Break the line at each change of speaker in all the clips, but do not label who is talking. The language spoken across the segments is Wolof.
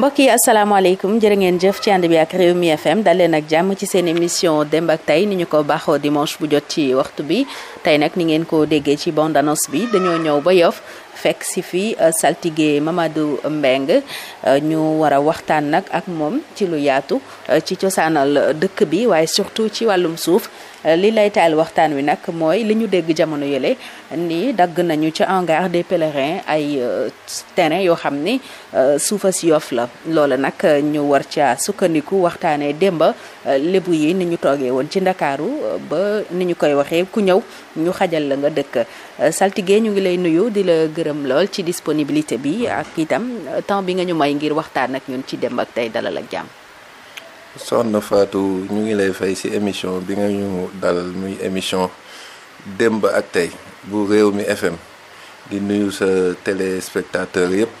mbokk yi asalaamaaleykum jërë ngeen jëf ci ànd bi ak réew mi FM dal ak jàmm ci seen émission démb ak tey ni ñu ko baaxoo dimanche bu jot ci waxtu bi tey nag ni ngeen ko déggee ci bande annonce bi dañoo ñëw ba Yoff fekk si fi euh, saltige Mamadou Mbengue euh, ñu war a waxtaan nag ak moom ci lu yaatu euh, ci cosaanal dëkk bi waaye surtout ci wàllum suuf li lay taal waxtaan wi nag mooy li ñu dégg jamono yële ni dagg nañu ca engare des pèlerins ay terrain yoo xam ni suufa si Yoff la loola nag ñu war ca sukkandiku waxtaanee démba lébu yi ni ñu toogee woon ci ndakaaru ba ni ñu koy waxee ku ñëw ñu xajal la nga dëkk saltige ñu ngi lay nuyu di la gërëm gërëm lool ci disponibilité bi ak itam temps bi nga ñu may ngir waxtaan ak ñun ci dem ak tey dalal ak jàmm.
soxna Fatou ñu ngi lay fay ci émission bi nga ñu dalal muy émission démb ak tey bu réew mi FM di nuyu sa téléspectateur yëpp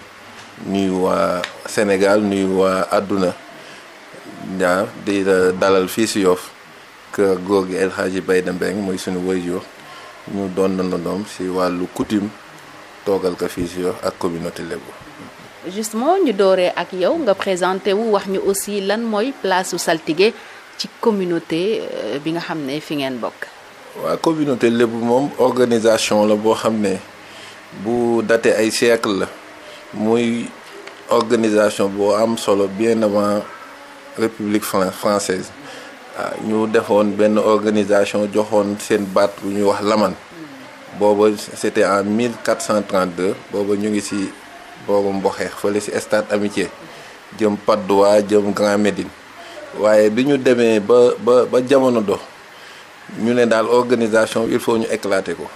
nuyu waa Sénégal nuyu waa àdduna waaw di dalal fii si yoof kër góor gi El Hadji Bayda Mbeng mooy suñu waajur ñu doon na doom ci wàllu coutume toogal ko fii si Yoff ak communauté Lébu.
justement ñu dooree ak yow nga présenté wu wax ñu aussi lan mooy place su saltige ci communauté euh, bi nga xam ne fi ngeen bokk.
waa communauté Lébu moom organisation la boo xam ne bu date ay siècle la muy organisation boo am solo bien avant république française ah, ñu defoon benn organisation joxoon seen baat bu ñuy wax laman booba c'était en 1432 booba ñu ngi ci boobu mboxeex fële ci stade amitié jëm Patte d'Oie jëm Grand Médine waaye bi ñu demee ba ba ba jamono do ñu ne daal organisation il faut ñu éclater ko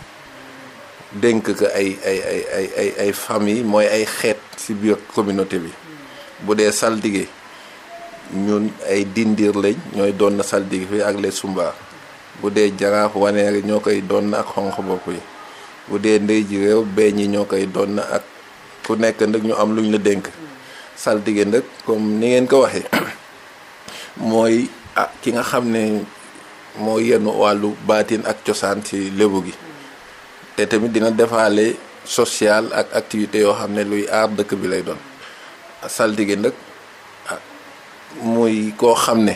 dénk ko ay ay ay ay ay mooy ay xeet ci biir communauté bi bu dee saldige ñun ay dindiir lañ ñooy doon na saldige fi ak les sumba bu dee jaraaf waneer ñoo koy doon na ak xonq bopp yi bu dee ndey ji réew bee ñi ñoo koy doon na ak ku nekk nag ñu am luñ la dénk saltige nag comme ni ngeen ko waxee mooy ah ki nga xam ne moo yenu wàllu baatin ak cosaan si lébu gi te tamit dina defaale social ak activité yoo xam ne luy aar dëkk bi lay doon saltige nag ah muy koo xam ne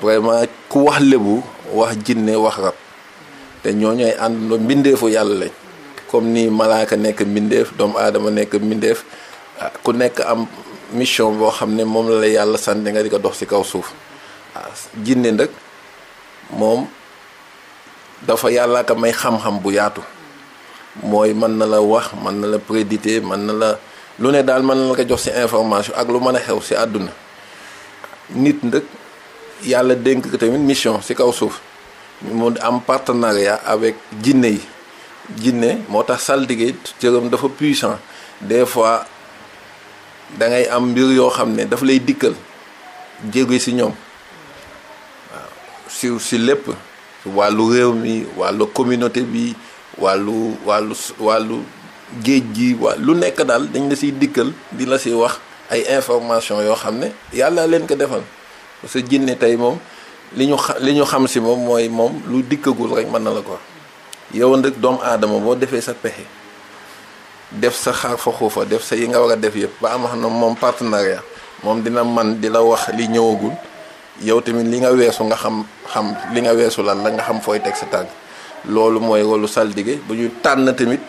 vraiment ku wax lébu wax jinne wax rab te ñoo ñooy àndandoo mbindeefu yàlla lañ comme ni malaaka nekk mbindeef doomu aadama nekk mbindeef ah, ku nekk am mission boo xam ne moom la la yàlla sant nga di ko dox ci kaw suuf waaw ah, jinne nag moom dafa yàlla ka may xam-xam bu yaatu mooy mën na la wax mën na la préditer man na la lu ne daal mën na la ko jox ci information ak lu mën a xew ci àdduna nit nag yàlla dénk tamit mission ci kaw suuf mu am partenariat avec jinne yi jinne moo tax saltige cëram dafa puissant des fois da ngay am mbir yoo xam ne dafa lay dikkal jéego si ñoom waaw si si lépp wàllu réew mi wàllu communauté bi wàllu wàllu wàllu géej gi waa lu nekk daal dañ la siy dikkal di la si wax ay information yoo xam ne yàlla leen ko defal parce que jinne tey moom li ñu xa li ñu xam si moom mooy moom lu dikkagul rek mën na la ko yow nag doomu aadama boo defee sa pexe def sa xaar fa xuufa def sa yi nga war a def yëpp ba am xam na moom partenariat moom dina man di la wax li ñëwagul yow tamit li nga weesu nga xam xam li nga weesu lan la nga xam fooy teg sa tàgg loolu mooy rolu saldige bu ñu tànn tamit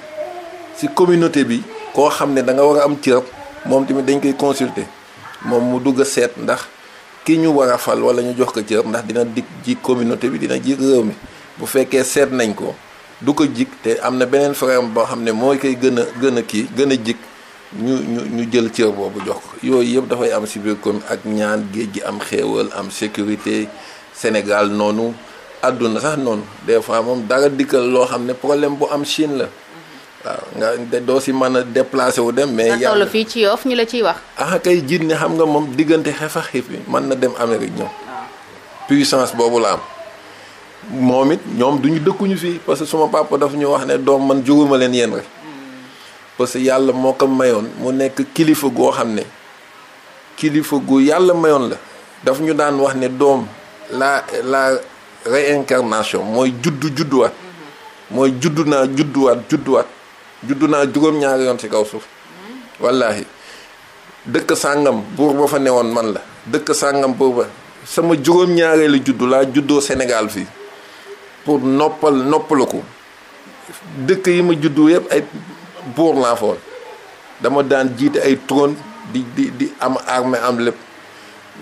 si communauté bi koo xam ne da nga war a am cërëb moom tamit dañ koy consulter moom mu dugg a seet ndax ki ñu war a fal wala ñu jox ko cërëb ndax dina dig ji communauté bi dina ji réew bu fekkee seet nañ ko du ko jig te am na beneen frère boo xam ne mooy koy gën a gën a kii gën a jig ñu ñu ñu jël cër boobu jox ko yooyu yëpp dafay am si biir commune ak ñaan géej gi am xéewal am sécurité Sénégal noonu àdduna sax noonu des fois moom dara dikkal loo xam ne problème bu am Chine la waaw nga de doo si mën a déplacé wu dem. mais yàlla
fii ci Yoff ñu la ciy wax.
ah kay jiit ne xam nga moom diggante xeex a xiif bi mën na dem Amérique ñoom. Ah. puissance boobu la am. moom it ñoom duñu dëkkuñu fii parce que suma papa daf ñu wax ne doom man jóguma leen yéen rek parce que yàlla moo ko mayoon mu nekk kilifa goo xam ne kilifa gu yàlla mayoon la daf ñu daan wax ne doom la la réincarnation mooy juddu judduwaat mooy juddu naa judduwaat judduwaat juddu naa juróom-ñaari yoon ci kaw suuf wallaahi dëkk sàngam buur ba fa newoon man la dëkk sàngam buur ba sama juróom-ñaareelu juddu laa juddoo Sénégal fii pour noppal noppaliku dëkk yi ma juddu yëpp ay buur laa foon dama daan jiite ay trône di di di am armée am lépp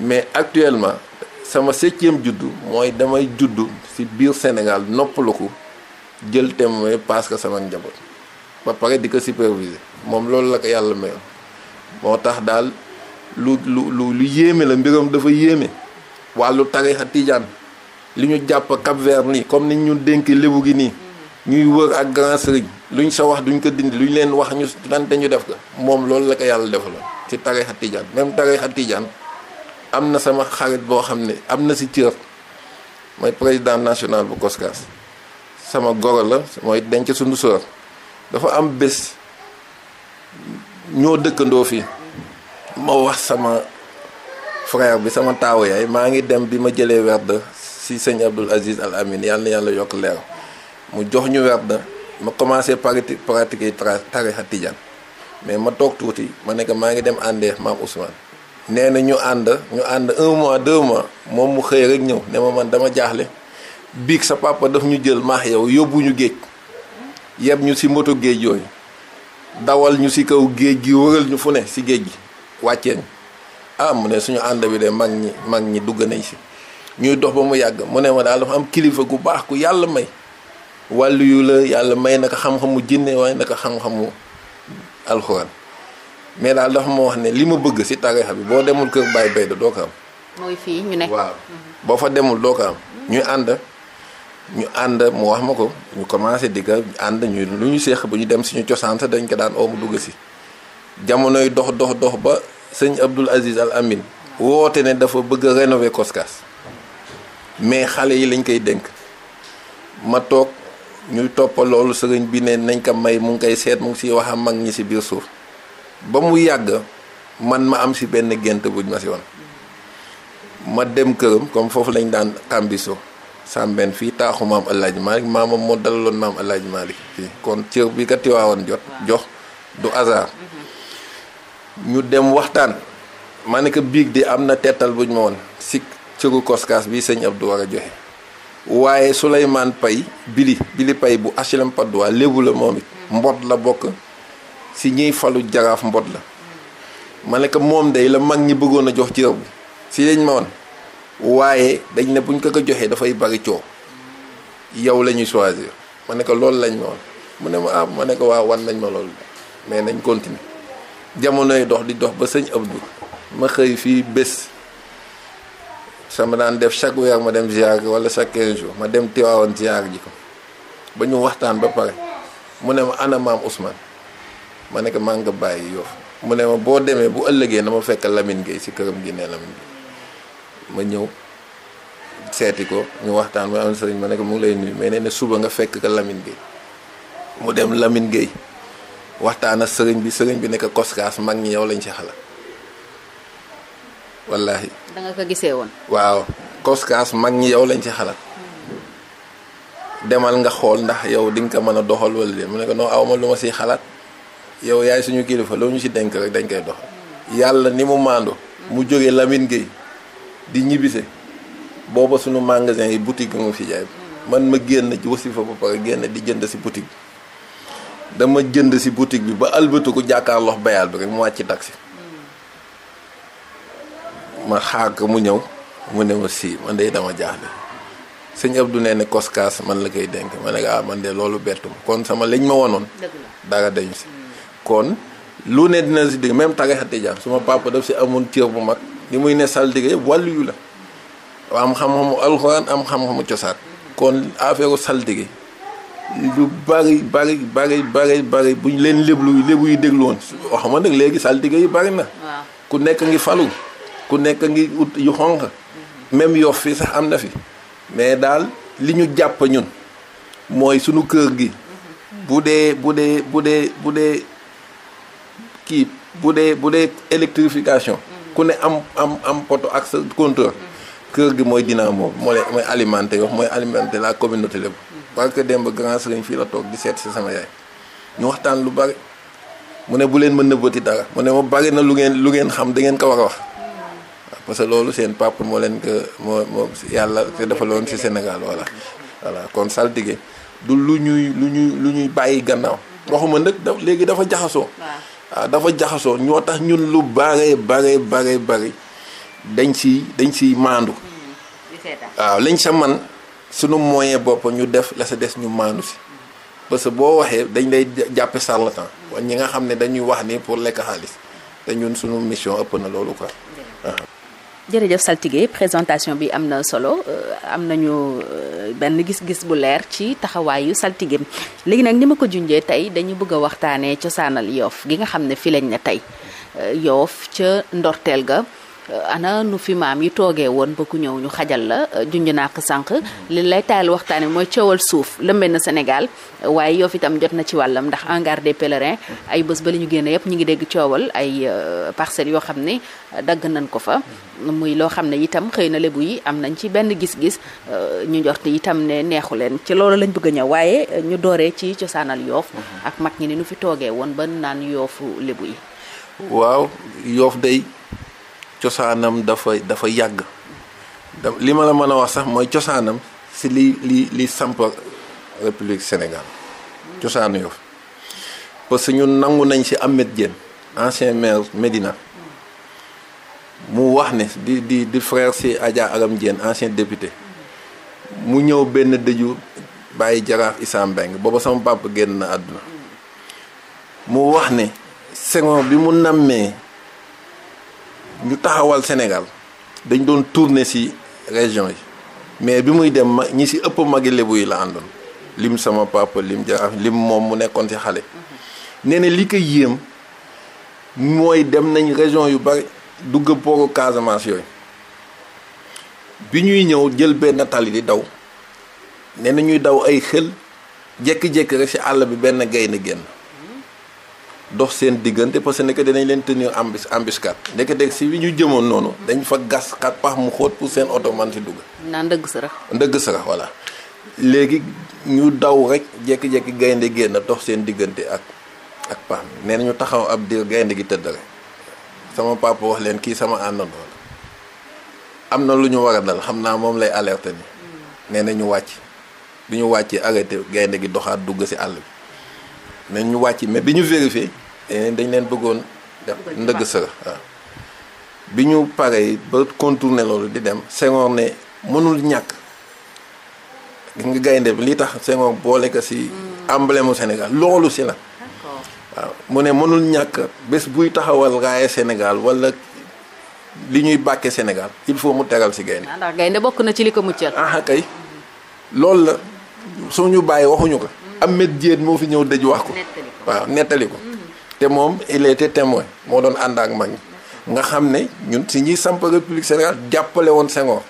mais actuellement sama septième juddu mooy damay juddu ci biir Sénégal noppaliku jël témoin parce que sama njaboot ba pare di ko superviser moom loolu la ko yàlla mayoon moo tax daal lu lu lu lu yéeme la mbiram dafa yéeme wàllu tarixa tijaan li ñu jàpp Cap Vert nii comme ni ñu dénk lébu gi nii ñuy wër ak grand sëriñ luñ sa wax duñ ko dindi luñ leen wax ñu dante ñu def ko moom loolu la ko yàlla defal ci tarixa tijaan même tarixa tijaan am na sama xarit boo xam ne am na si cër mooy président national bu Koskas sama goro la mooy denc sunu soor dafa am bés ñoo dëkkandoo fii ma wax sama frère bi sama taawu yaay maa ngi dem bi ma jëlee werd si sëñ Abdoul Aziz Al Amin yàlla na yàlla yokk leer mu jox ñu werd da ma commencé parti pratiquer a tijaan mais ma toog tuuti ma nekk maa ngi dem àndee maam Ousmane nee na ñu ànd ñu ànd un mois deux mois moom mu xëy rek ñëw ne ma man dama jaaxle biig sa papa daf ñu jël maax yow yóbbu ñu géej yeb ñu si moto géej yooyu dawal ñu si kaw géej gi wëral ñu fu ne si géej gi wàccee ñu ah ne suñu ànd bi de mag ñi mag ñi dugg nañ si. ñuy dox ba mu yàgg mu ne ma daal dafa am kilifa gu baax ku yàlla may wàllu yu la yàlla may naka xam-xamu jinne waaye naka xam-xamu alxuraan mais daal dafa ma wax ne li ma bëgg si tarixa bi boo demul kër bay da doo ko am.
mooy fii waaw mhm.
boo fa demul doo ko am. ñuy ànd ñu ànd mu wax ma ko ñu commencé diggal ko ànd ñu lu ñu seex bu ñu dem suñu cosaan sa dañ ko daan oomu dugg si. jamonoy dox dox dox ba sëñ Abdoul Aziz Al Amin woote ne dafa bëgg a rénover Koskas. mais xale yi lañ koy dénk ma toog ñuy topp loolu sëriñ bi ne nañ ko may mu ngi koy seet mu ngi siy wax a mag ñi si biir suuf ba mu yàgg man ma am si benn gent buñ ma si woon ma dem këram comme foofu lañ daan xambiso sàmben fii taaxu maam El Hadj Malick maamam moo dalaloon maam El Hadj fii kon cër bi ka tiwaawoon jot jox du hasard mhm. ñu dem waxtaan ma ne ko biig di am na tettal buñ ma woon sikk cëru koskaas bi sëñ Abdou war a joxe waaye Souleymane Pay bili bili Pay bu HLM Patte d'Oie la moom it mbot la bokk si ñiy falu jaraaf mbot la ma ne ko moom day la mag ñi bëggoon a jox ci rëbb si lañ ma woon waaye dañ ne buñ ko ko joxee dafay bari coow yow lañuy ñuy choisir ma ne loolu lañ ma woon mu ne ma ah ma ne ko waaw wan nañ ma loolu mais nañ continuer jamonoy dox di dox ba sëñ Abdou ma xëy fii bés sama daan def chaque weer ma dem ziar wala chaque 15 jours ma dem Tiwaawoon ziar ji ko ba ñu waxtaan ba pare mu ne ma ana maam Ousmane ma ne ko nga bàyyi Yoff mu ne ma boo demee bu ëllëgee na ma fekk Lamine géey si këram gi ne Lamine Gueye ma ñëw seeti ko ñu waxtaan ma am sëriñ ma ne mu ngi lay nuyu mais nee na suba nga fekk ko Lamine Gueye mu dem Lamine Gueye waxtaan ak sëriñ bi sëriñ bi ne ko Koskas mag ñi yow lañ ci xalaat wallaahi.
da ko gisee woon.
waaw koskaas mag ñi yow lañ ci xalaat. demal nga xool ndax yow di nga ko mën a doxal wala de mu nekk ko non aw ma lu ma siy xalaat yow yaay suñu kilifa loo ñu si denk rek dañ koy doxal. yàlla ni mu maandu. mu jógee Lamine Gueye di ñibbise booba suñu magasin yi boutique nga fi man ma génn ci wasifa ba pare génn di jënd si boutique bi dama jënd si boutique bi ba albatu ku jàkkaarloo bayaal bi rek mu wàcc taxi. ma xaag mu ñëw mu ne ma sii man de dama jaaxle sëñ Abdou nee ne koskaas man la koy dénk ma ne ah man de loolu bettum kon sama liñ ma wonoon. dara dañ si. Hmm. kon lu ne dina si dégg même tarixa tijaan suma papa daf si amoon cër bu mag li muy ne saltige yëpp wàllu la am xam-xamu alxuraan am xam-xamu cosaan. kon affaire saltige lu bari bari bari bari bari buñ leen léblu lébu yi déglu woon waxuma nag léegi saltige yi bari na. ku nekk ngi falu. ku nekk ngi ut yu xonq même yof fii sax am na fi mais daal li ñu jàpp ñun mooy sunu kër gi bu dee bu dee bu dee bu dee kii bu dee bu dee électrification ku ne am am am poto ak sa compteur kër gi mooy dynamo moo leen mooy alimenté yox mooy alimenté la communauté lépp parce que démb grand sëriñ fii la toog di seet si sama yaay ñu waxtaan lu bari mu ne bu leen mën na bëti dara mu ne ma bari na lu ngeen lu ngeen xam da ngeen ko war a wax parce que loolu seen papa moo leen ko moo moo yàlla te defaloon si Sénégal voilà. voilà kon saltige du lu ñuy lu ñuy lu ñuy bàyyi gannaaw waxuma nag da léegi dafa jaxasoo. Ah, dafa jaxasoo ñoo tax ñun lu bare bare bare bare dañ si dañ si maandu.
Hmm, waaw lañ sa man
sunu moyen bopp ñu def la sa des ñu maandu si. parce que boo waxee dañ lay jàppe charlatan wa ñi nga xam ne dañuy wax ni pour lekk xaalis te ñun sunu mission ëpp na loolu quoi.
jërëjëf saltige présentation bi am na solo euh, am nañu euh, benn gis-gis bu leer ci taxawaayu saltige léegi nag ni ma ko junjee tey dañu bëgg a waxtaanee cosaanal yoof gi nga xam ne fi lañ ne tey euh, yoof ca ndorteel ga ana nu fi maam yi toogee woon ba ku ñëw ñu xajal la junj naa ko sànq li lay taayal waxtaane mooy coowal suuf lëmbe na Sénégal waaye yoof itam jot na ci wàllam ndax hangar de pèlerins ay bés ba li ñu génn yëpp ñu ngi dégg coowal ay parcelles yoo xam ne dagg nañ ko fa muy loo xam ne itam xëy na lebu yi am nañ ci benn gis-gis euh, ñu njort itam ne neexu leen ci loolu lañ bëgg a waaye euh, ñu dooree ci cosaanal yoof mhm. ak mag ñi ni nu fi toogee woon ba naan yoofu lebu yi
waaw yoof day cosaanam dafa dafa yàgg da li ma la mën a wax sax mooy cosaanam si li li li samp république Sénégal mhm. cosaanu yoof parce que ñun nangu nañ si am Diène ancien maire Médina mu wax ne di di di frère si Adja Aram Diène ancien député mu ñëw benn dëju bàyyi jaraaf Issa Mbengue booba sama papa génn na àdduna mu wax ne Senghor bi mu nammee ñu taxawal senegal dañ doon tourner ci région yi mais bi muy dem ma ñi ci ëpp magi lébu yi la àndoon lim sama papa lim jaraaf lim moom mu nekkoon ci xale mhm. nee na li ko yéem mooy dem nañ région yu bari dugg poogu Casamance yooyu bi ñuy ñëw jël benn tali di daw nee na ñuy daw ay xël jékki-jékki rek ci àll bi benn gaynde génn dox seen diggante parce que nekk leen tenir embus embuscade nekk deg ci bi ñu jëmoon noonu dañ fa gas xat pax mu xóot pour seen oto man si dugg
naan ndëgg sarax
ndëgg sarax voilà léegi ñu daw rek jékki-jékki gaynde génn dox seen diggante ak ak pax nee na ñu taxaw ab diir gaynde gi tëdd sama papa wax leen kii sama àndandoo la am na lu ñu war a dal xam naa moom lay alerté ni nee na ñu wàcc bi ñu wàccee arrêté gaynde gi doxaat dugg si àll bi ne ñu wàcc mais bi ñu vérifié dañ leen bëggoon def ndëgg sër bi ñu paree ba contourné loolu di dem Senghor ne mënul ñàkk gi nga gaynde bi lii tax Senghor boole ko si mm. emblème Sénégal loolu si la waaw mu ne mënul ñàkk bés buy taxawal raaye Sénégal wala li ñuy bàkke Sénégal il faut mu tegal si gaynde
ah, ndax gaynde bokk na ci li ko muccal ah kay
loolu la suñu bàyyi waxuñu ko Ahmed Diène moo fi ñëw dëj wax ko waaw nettali ko mhm. te moom il était témoin moo doon ànd ak mag ñi nga xam ne ñun si ñuy samp république Sénégal jàppale woon Senghor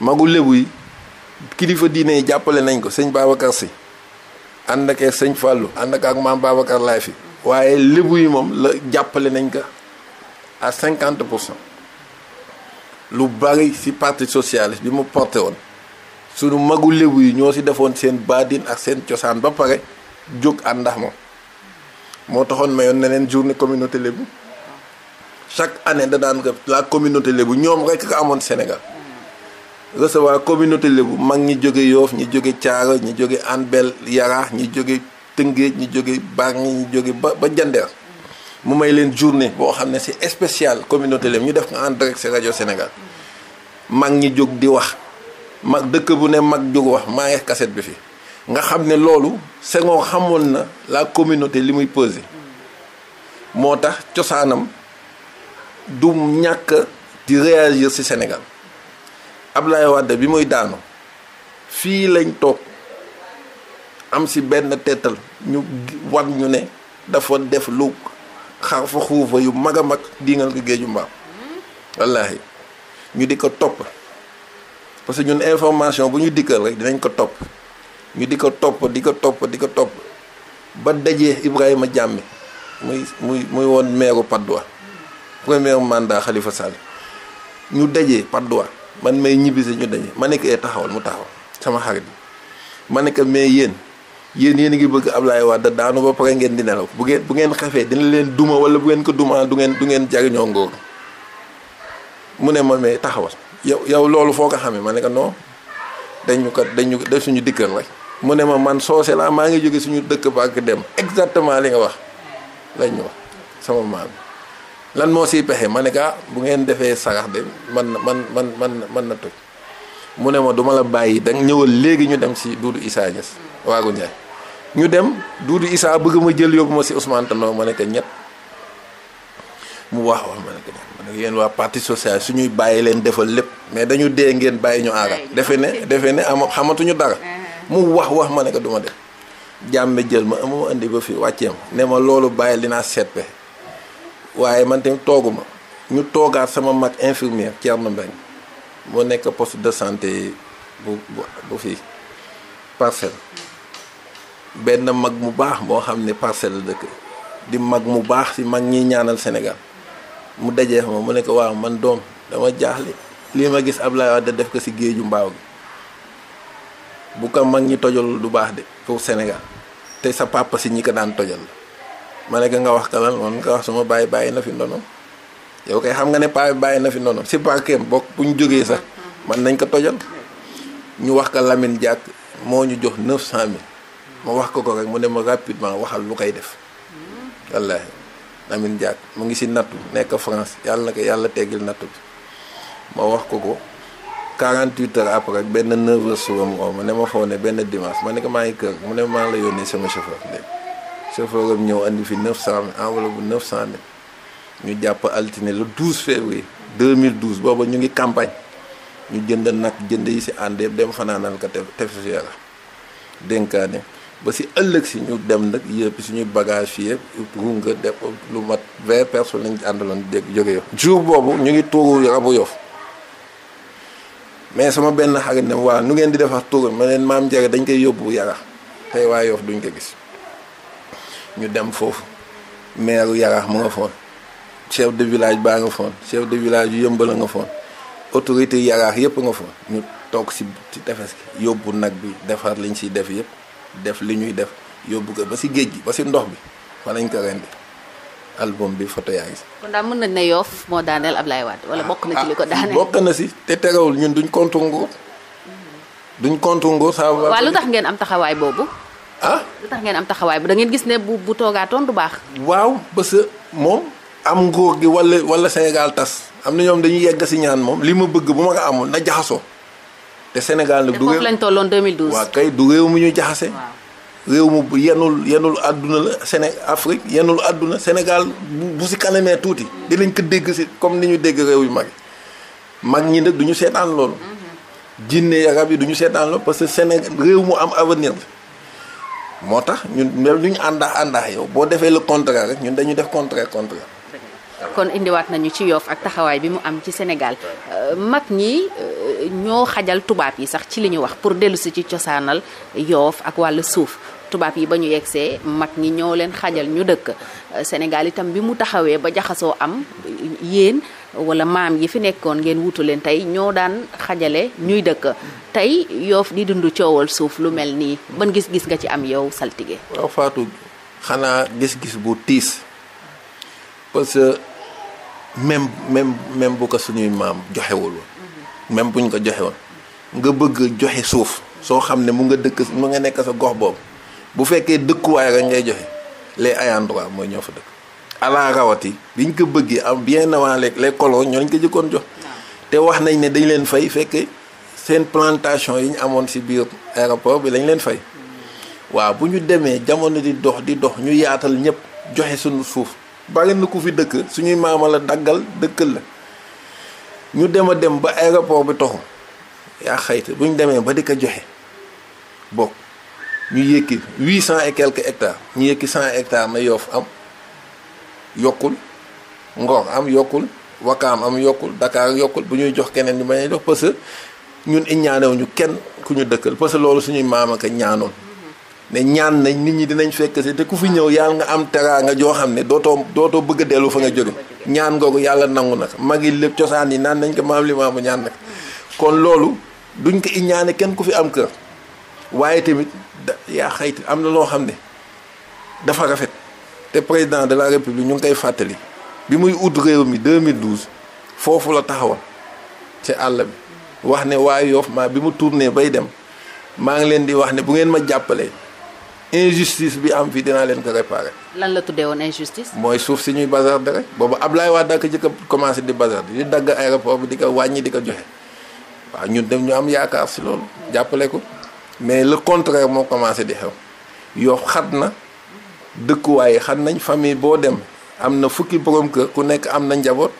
magu lébu yi kilifa diine yi jàppale nañ ko sëñ Babacar Sy ànd ak sëñ Fallou ànd ak maam Babacar fi waaye lébu yi moom la jàppale nañ ko à cinquante pour cent lu bari ci parti socialiste bi mu porté woon sunu magu lébu yi ñoo ci defoon seen baadin ak seen cosaan ba pare jóg àndax ma moo taxoon mayoon na leen journée communauté lébu chaque année da daan ko la communauté lébu ñoom rekk ko amoon Sénégal recevoir communauté lébu mag ñi jóge yoof ñi jóge caaro ñi jóge anbel yaraax ñi jóge tëngéej ñi jóge barñi ñi jóge ba ba jandeer mu may leen journée boo xam ne si spécial communauté lébu ñu def ko en direct ci rajo Sénégal mag ñi jóg di wax mag dëkk bu ne mag jóg wax maa ngi cassette bi fi nga xam ne loolu Senghor xamoon na la communauté li muy peser moo tax cosaanam du ñàkk di réagir ci Sénégal Ablaye Wade bi muy daanu fii lañ toog am si benn tetal ñu wan ñu ne dafa def lu xar xuufa yu mag a mag dingal ko géeju mbaam wallaahi ñu di ko topp parce que ñun information bu ñu dikkal rek dinañ ko topp ñu di ko topp di ko topp di ko topp ba dajee Ibrahima Jàmme muy muy muy woon meeru Patte d'Oie premier mandat Khalifa ñu dajee Patte man may ñibbisi ñu dañu ma nekk ee eh, taxawal mu taxaw sama xarit ma nekk mais yéen yéen yéen a ngi bëgg Ablaye Wade daanu ba pare ngeen di nelaw bu ngeen bu ngeen xefee dina leen duma wala bu ngeen ko duma du ngeen du ngeen jariñoo ngóor mu ne ma mais taxawal yow yow loolu foo ko xamee ma ne ko non dañu ko dañu def suñu dikkal rek mu ne ma man soose laa maa ngi jóge suñu dëkk ba ak dem exactement li nga wax lañ wax sama maam lan moo siy pexe ma ne ka ah, bu ngeen defee sarax de man man man man man na toj mu ne ma duma la bàyyi danga ñëwal léegi ñu dem si Doudou Issa Niass waagu Ndiaye ñu dem Doudou Issa bëgg ma jël yóbbu ma si Ousmane Tanor ma ne ko ñett mu wax wax ma ne yéen waa parti social suñuy bàyyi leen defal lépp mais dañu dee ngeen bàyyi ñu aara defe ne defe ne am xamatuñu dara ah, ah. mu wax wax ma ne ko du ma def jël ma amuma indi ba fii wàcceem ne ma loolu bàyyi dinaa seet pexe waaye man tamit tooguma ñu toogaat sama mag infirmière Thierno Mbengue moo nekk poste de santé bu bu fii parcelle benn mag mu baax boo xam ne parcelle la dëkk di mag mu baax si mag ñiy ñaanal Sénégal mu dajee ma mu ne ko waaw man doom dama jaaxle lii ma gis Ablaye Wade def ko si géeju mbaaw gi bu ko mag ñi tojal du baax de pour Sénégal te sa papa si ñi ko daan tojal la ma ne nga wax kalal noonu nga wax sama bàyyi bàyyi na fi ndono yow kay xam nga ne paa bàyyi na fi ndono si paakeem bokk bu ñu jógee sax man nañ ko tojal ñu wax ko Lamine Diack moo ñu jox 900000 ma wax ko ko rek mu ne ma rapidement waxal lu koy def wallaahi Lamine Diack mu ngi si nattu nekk France yàlla na ko yàlla teggil nattu bi ma wax ko ko 48 heures après benn 9 heures suba mu oo ne ma foo ne benn dimanche ma ne ko maa ngi kër mu la yónnee sama chauffeur chauffeur am ñëw andi fi 900000 enveloppe bu 900000 ñu jàpp altine le 12 février 2012 booba ñu ngi campagne ñu jënd nag jënd yi si ànd yëpp dem fanaanal ko tefes yàlla dénkaane ba si ëllëg si ñu dem nag yëpp suñuy bagage fii yëpp runga def lu mat vingt personnes lañ àndaloon dégg jóge yof jour boobu ñu ngi tuuru rabu yof mais sama benn xarit ne waa nu ngeen di defar tuuru ma leen maam jege dañ koy yóbbu yara tey waa yof duñ ko gis ñu dem foofu maire Yaraax mu nga foon chef de village baa nga foon chef de village yu yëmbala nga foon autorité Yaraax yëpp nga foon ñu toog si ci tefes gi yóbbu nag bi defar liñ siy def yëpp def li ñuy def yóbbu ko ba si géej gi ba si ndox bi fa lañ ko rendi album bi photo yaa ngi si.
kon daal mën nañ ne Yoff moo daaneel Ablaye Wade wala bokk na ci li ko ah, ah, daaneel bokk
na si te terewul ñun duñ contre nguur duñ contre nguur ça va. waaw lu tax
ngeen am taxawaay boobu. ah. lu tax ngeen am taxawaay bu da ngeen gis ne bu bu toogaatoon du baax.
waaw parce que moom am nguur gi walla wala Sénégal tas am na ñoom dañuy yegg si ñaan moom li ma bëgg bu ma ko amul na jaxasoo. te Sénégal nag. du réew lañ
tolloon 2012. waaw
kay du réew mu ñu jaxase. réew mu yenul yenul àdduna la sene Afrique yenul àdduna Sénégal bu bu si kanamee tuuti. dinañ ko dégg comme ni ñu dégg réew yu mag mag ñi nag duñu ñu seetaan loolu. Mm-hmm. jinne yarab yi du ñu seetaan loolu parce que Sénégal réew mu am avenir la moo tax ñun même lu ñu àndaax àndaax yow boo defee le contraire rek ñun dañu def contraire contraire.
kon indiwaat nañu ci yoof ak taxawaay bi mu am ci Sénégal euh, mag ñi euh, ñoo xajal tubaab yi sax ci li ñu wax pour dellu si ci cosaanal yoof ak wàllu suuf tubaab yi ba ñu yegsee mag ñi ñoo leen xajal ñu dëkk euh, Sénégal itam bi mu taxawee ba jaxasoo am yéen. wala maam yi fi nekkoon ngeen wutu leen tey ñoo daan xajale ñuy dëkk tey yoof di dund coowal suuf lu mel nii ban gis-gis nga ci am yow saltige
waaw Fatou xanaa gis-gis bu tiis parce que même même même bu ko suñuy maam joxewul woon même buñ ko joxe woon nga bëgg joxe suuf soo xam ne mu nga dëkk mu nga nekk sa gox boobu bu fekkee dëkkuwaay rek ngay joxe les ayants droit mooy ñoo fa dëkk alaa rawati biñ ko bëggee am bien na les les colons ñoo ñu ko jëkkoon jox. te wax nañ ne dañ leen fay fekk seen plantation yi ñu amoon si biir aéroport bi lañ leen fay. Hmm. waaw bu ñu demee jamono di dox di dox ñu yaatal ñëpp joxe suñu suuf bari na ku fi dëkk suñuy maama la daggal dëkkal la ñu dem a dem ba aéroport bi toxu yaa xayta bu ñu demee ba di ko joxe bokk ñu yëkki huit cent e quelques hectares ñu yëkki cent hectares na Yoff am. yokkul Ngor am yokkul Wakaam am yokkul ndakaar yokkul bu ñuy jox keneen ñu bañ a jox parce que ñun ñaanewuñu kenn ku ñu dëkkal parce que loolu suñuy maam ak ñaanoon ne ñaan nañ nit ñi dinañ fekk si te ku fi ñëw yàlla nga am teraanga joo xam ne dootoo dootoo bëgg dellu fa nga jóge ñaan ngoogu yàlla nangu nag mag yi lépp cosaan yi naan nañ ko maam li maamu ñaan nag kon loolu duñ ko iñaane kenn ku fi am kër waaye tamit da yaa xayti am na loo xam ne dafa rafet te président de la république ñu ngi koy fàttali bi muy ut réew mi 2012 foofu la taxawoon ci àll bi wax ne waaye Yoff maa bi mu tourné bay dem maa ngi leen di wax ne bu ngeen ma jàppalee injustice bi am fii dinaa leen ko réparer.
lan la tuddee woon injustice.
mooy suuf si ñuy bazarder rek boobu ab Wade daa ko jëkk a commencé di bazarder di dagg aéroport bi di ko wàññi di ko joxe waaw ñu dem ñu am yaakaar si loolu. jàppale ko mais le contraire moo commencé di xew Yoff xat na. dëkkuwaay xam nañ famille boo dem am na fukki borom kër ku nekk am na njaboot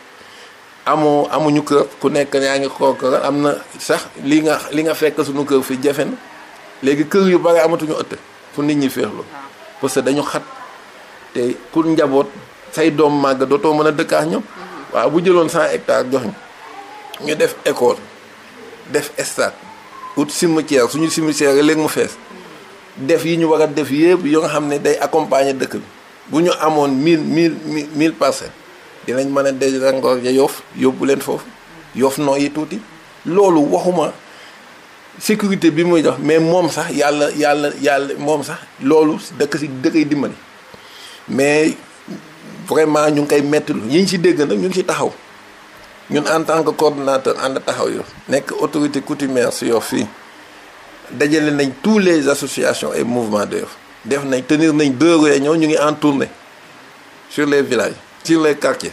amoo amuñu kër ku nekk yaa ngi koo kër am na sax li nga li nga fekk suñu kër fi jafe na léegi kër yu bare amatuñu ëtt fu nit ñi féexlu parce que dañu xat te ku njaboot say doom màgg dootoo mën a dëkkaat ñoom waaw bu jëloon cent hectares jox ñu ñu def école def stade ut cimetière suñu cimetière léegi mu fees def yi ñu war a def yëpp yoo nga xam ne day accompagner dëkk bi bu ñu amoon mille mille mille parcelles dinañ mën a désengorger yoof yóbbu leen foofu yoof Yoff nooyi tuuti loolu waxuma sécurité bi muy jox mais moom sax yàlla yàlla yàlla moom sax loolu dëkk si dëkkay dimbali mais vraiment ñu ngi koy métti lu yi ñu si dégg nag ñu ngi si taxaw ñun en tant que coordonnateur ànd taxaw Yoff nekk autorité coutumière si Yoff fii dajale nañ tous les associations et mouvements d'œuvre def nañ tenir nañ deux réunions ñu ngi en tournée sur les villages sur les quartiers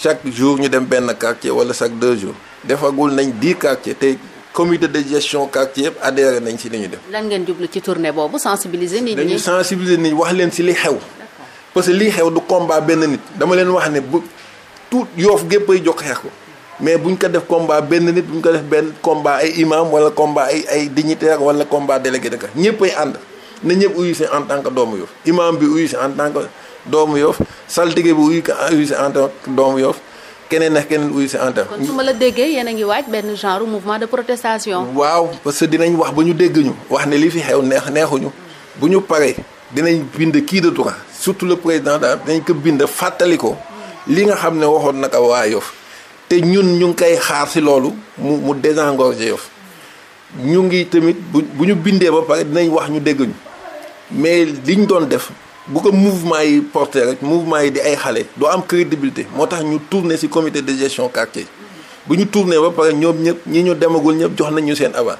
chaque jour ñu dem benn quartier wala chaque deux jours defagul nañ dix quartiers te comité de gestion quartier yëpp adhéré nañ ci li ñu def.
lan ngeen jublu ci tournée boobu sensibiliser nit ñi dañu
sensibiliser nit ñi wax leen ci li xew. parce que lii xew du combat benn nit dama leen wax ne bu tout yoof géppay jox xeex ko. mais buñ ko def combat benn nit buñ ko def benn combat ay imam wala combat ay ay dignitaire wala combat délégué de quartier ñëpp ay ànd na ñëpp uyu si en tant que doomu Yoff imam bi uyu si en tant que doomu Yoff saltige bi uyu uyu si en tant doomu Yoff keneen ak keneen uyu si en tant kon su ma
la déggee yéen a ngi waaj benn genre mouvement de protestation.
waaw parce que dinañ wax ba ñu dégg ñu wax ne li fi xew neex neexuñu bu ñu paree dinañ bind kii de droit surtout le président daal dinañ ko bind fàttali ko li nga xam ne waxoon na ko waa Yoff te ñun ñu ngi koy xaar si loolu mu mu désengorger Yoff ñu ngi tamit bu bu ñu bindee ba pare dinañ wax ñu dégg ñu mais liñ doon def bu ko mouvement yi porté rek mouvement yi di ay xale doo am crédibilité moo tax ñu tourné si comité de gestion quartier bu ñu tourné ba pare ñoom ñëpp ñi ñu demagul ñëpp jox nañu ñu seen aval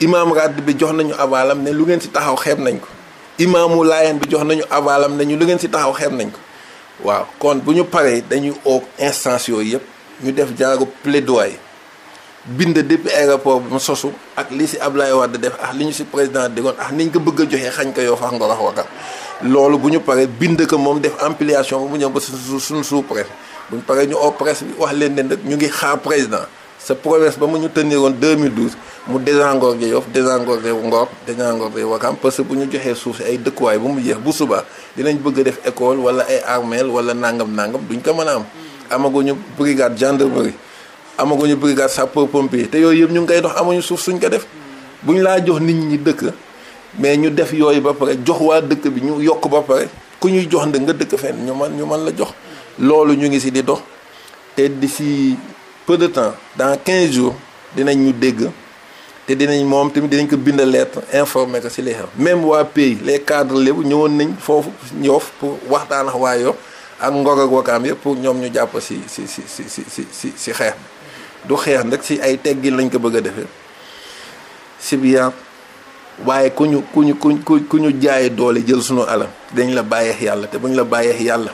imam radd bi jox nañu avalam ne lu ngeen si taxaw xeeb nañ ko imaamu laayeen bi jox nañu avalam ne lu ngeen si taxaw xeeb nañ ko waaw kon bu ñu paree dañuy oo instance yooyu yëpp ñu def jaaru plaidoyer bind depuis aéroport bi mu sosu ak li si Ablaye Wade def ah li ñu si président digoon ah niñ ko bëgg a joxee xañ ko yow fax nga wax wakal loolu bu ñu paree bind ko moom def ampliation bu mu ñëw ba suñu suñu sous-préfet bu ñu paree ñu oo presse bi wax leen ne nag ñu ngi xaar président sa promesse ba mu ñu tenir woon 2012 mu désengorger Yoff désengorger Ngor désengorger Wakam parce que bu ñu joxee suuf si ay dëkkuwaay bu mu jeex bu subaa dinañ bëgg def école wala ay armeel wala nangam nangam duñ ko mën a am. amaguñu brigade gendarmerie amaguñu brigade sapeur pompier te yooyu yëpp ñu ngi koy dox amuñu suuf suñ ko def bu ñu laa jox nit ñi dëkk mais ñu def yooyu ba pare jox waa dëkk bi ñu yokk ba pare ku ñuy jox nda nga dëkk fen ñu man ñu mën la jox loolu ñu ngi si di dox di si. peur de temps dans 15 jours dinañ ñu dégg te dinañ moom tamit dinañ ko bind lettre informé ko ci li xam même waa pays les cadres lébu ñëwoon nañ foofu Yoff pour waxtaan ak waa ak Ngor ak Wakaam yëpp pour ñoom ñu jàpp ci ci ci ci ci ci xeex du xeex nag ci ay teggin lañ ko bëgg a defee ci biir waaye ku ñu ku ñu ku ku ñu jaay doole jël suñu alal dañ la bàyyeex yàlla te buñ la bàyyeex yàlla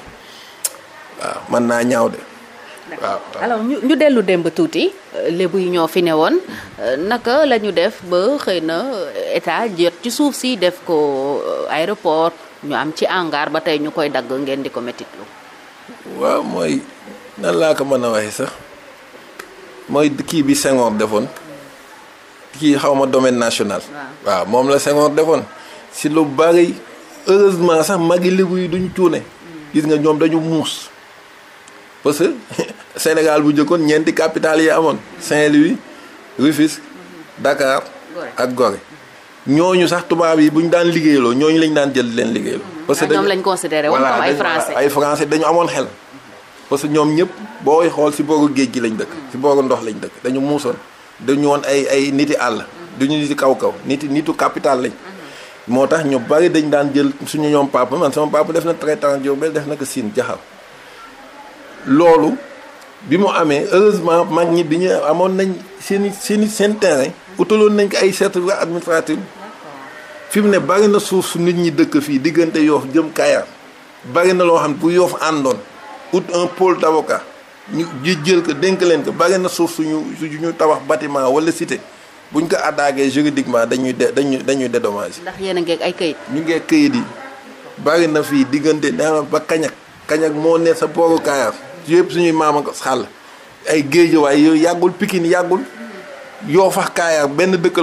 waa mën naa ñaaw de.
d'accord ah, ah. alors ñu ñu dellu démb tuuti euh, lébu yi ñoo fi ne woon euh, naka la ñu def ba xëy na euh, état jot ci suuf si def ko aéroport ñu am ci hangar ba tey ñu koy dagg ngeen di ko métitlu
waaw mooy nan laa ko mën a waxee sax mooy kii bi Senghor defoon kii xaw domaine national waaw moom la Senghor defoon si lu bari heureusement sax magi lébu yi duñ cuune hmm. gis nga ñoom dañu muus parce que Sénégal bu njëkkoon ñeenti capital yi amoon Saint-Louis Rufisque dakaar ak Gorée ñooñu sax tubaab yi bu ñu daan liggéeyloo ñooñu lañu daan jël leen liggéeyloo. parce que ah, ñoom lañ considéré
woon dañu
amoon xel. parce que ñoom ñëpp booy xool ci booru géej gi lañ dëkk. ci booru ndox lañ dëkk dañu muusoon dañu woon ay ay niti àll. duñu niti kaw kaw niti nitu capital lañ. moo tax ñu bari dañu daan jël suñu ñoom papa man sama papa def na traitement Diourbel def na ko siin Diakhar. loolu bi mu amee heureusement mag ñi bi ñu amoon nañ seen i seen i terrain utaloon nañ ko ay certificat administratif fi mu ne bari na suuf su nit ñi dëkk fii diggante yoof jëm Kayar bari na loo xam ne bu yoof àndoon ut un pôle d'avocat ñu jël ko dénk leen ko bari na suuf suñu ñu tabax batiment wala cité buñ ko attaqué juridiquement dañuy de dañuy dañuy dédommage.
ndax yéen a ay kayit.
ñu ngee kayit yi bari na fii diggante daanaka ba kañak kañak moo ne sa booru Kayar. yëpp suñuy maam ak ay géejawaay yooyu yàggul Pikine yàggul yoo fax Kaayaar benn dëkk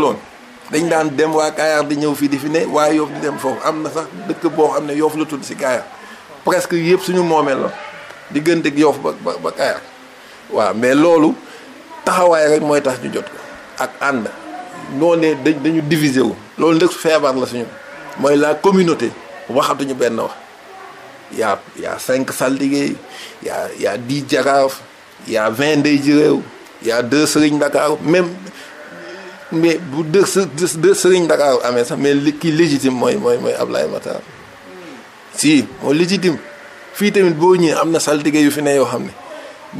dañ daan dem waa Kaayaar di ñëw fii di fi ne waaye Yoof di dem foofu am na sax dëkk boo xam ne Yoof la tudd si Kaayaar presque yëpp suñu moomeel la diggante ak Yoof ba ba ba Kaayaar waaw mais loolu taxawaay rek mooy tax ñu jot ko ak ànd noo ne dañu diviser wu loolu nag feebar la suñu mooy la communauté waxatuñu benn wax y a cinq saltige y a y a dix vingt ndey ji réew deux sëriñ Dakar même mais bu deux deux sëriñ Dakar amee sax mais li ki légitime mooy mooy mooy Ablaye Matar si moo légitime fii tamit boo ñëwee am na saltige yu fi ne yoo xam ne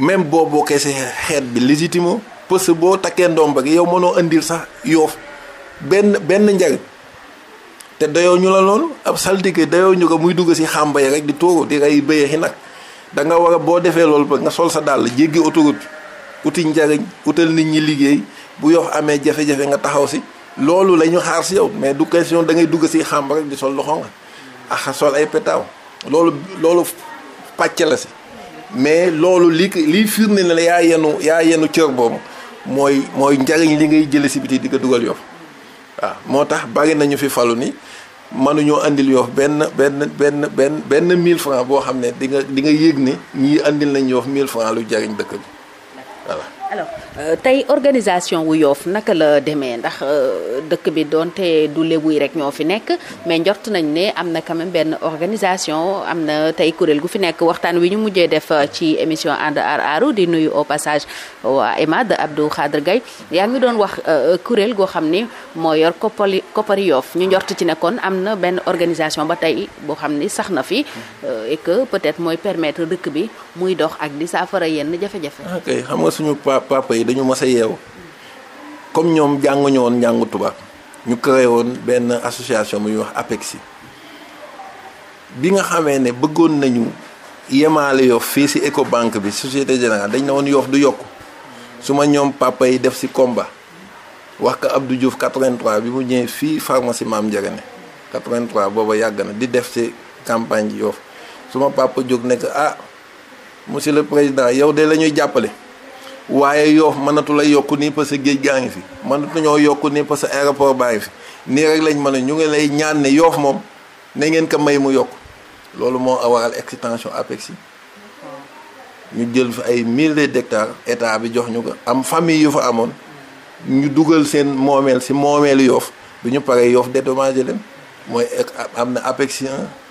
même boo bokkee si xeet bi légitime parce que boo takkee ndomba gi yow mënoo indil sax yoof benn benn njariñ te dayoo ñu la loolu ab saltige dayoo ñu ko muy dugg si xàmba yi rek di tuuru di ay béyeexi nag da nga war a boo defee loolu ba nga sol sa dàll jéggi autoroute uti njariñ utal nit ñi liggéey bu yox amee jafe-jafe nga taxaw si loolu lañu xaar si yow mais du question da ngay dugg si xàmba rek di sol loxo nga ak sol ay pétaaw loolu loolu pàcc la si mais loolu li liy firnde ne la yaa yenu yaa yenu cër boobu mooy mooy njariñ li ngay jële si biti di ko dugal yof waaw ah, moo tax bari nañu fi falu ni mënuñoo andil yoof benn benn benn benn benn mille francs boo xam ne di nga di nga yëg ne ñii andil nañ yoof mille francs lu jariñ dëkk
bi voilà Euh, tey organisation wu yoof naka la demee ndax euh, dëkk bi doonte du lébu yi rek ñoo fi nekk mais njort nañ ne am na quand benn organisation am na tey kuréel gu fi nekk waxtaan wi ñu mujjee def euh, ci émission ànd aar aaru di nuyu au passage waa EMAD Abdou Khadre Gaye yaa ngi doon wax kuréel goo xam ni moo yor koppari koppari yoof ñu njort ci nekkoon am na benn organisation ba tey boo xam ni sax na fi et que être mooy permettre dëkk bi muy dox ak di saafara yenn
jafe dañu mos a yeewu comme ñoom jànguñu woon njàngu tubaab ñu créé woon benn association bu ñuy wax APEXI bi nga xamee ne bëggoon nañu yemaale Yoff fii ci Ecobank bi Société Générale dañ ne woon Yoff du yokk su ma ñoom papa yi def ci combat wax ka Abdou Diouf 83 bi mu ñëwee fii pharmacie Maam Ndiagane 83 booba yàgg na di def ci campagne Yoff su ma papa jóg nekk ah monsieur le président yow de la ñuy jàppale. waaye yoof mënatu la yokk nii parce que géej gaa ngi fi mënatu ñoo yokk nii parce que aéroport baa ngi fi nii rek lañ mën a ñu ngi lay ñaan ne yoof moom na ngeen ko may mu yokk loolu moo waral extension APEXI ñu jël fa ay milliers d'hectares état bi jox ñu ko am famille yu fa amoon ñu dugal seen moomeel si moomeelu yoof bi ñu paree yoof dédommagé leen mooy e, am na APEXI 1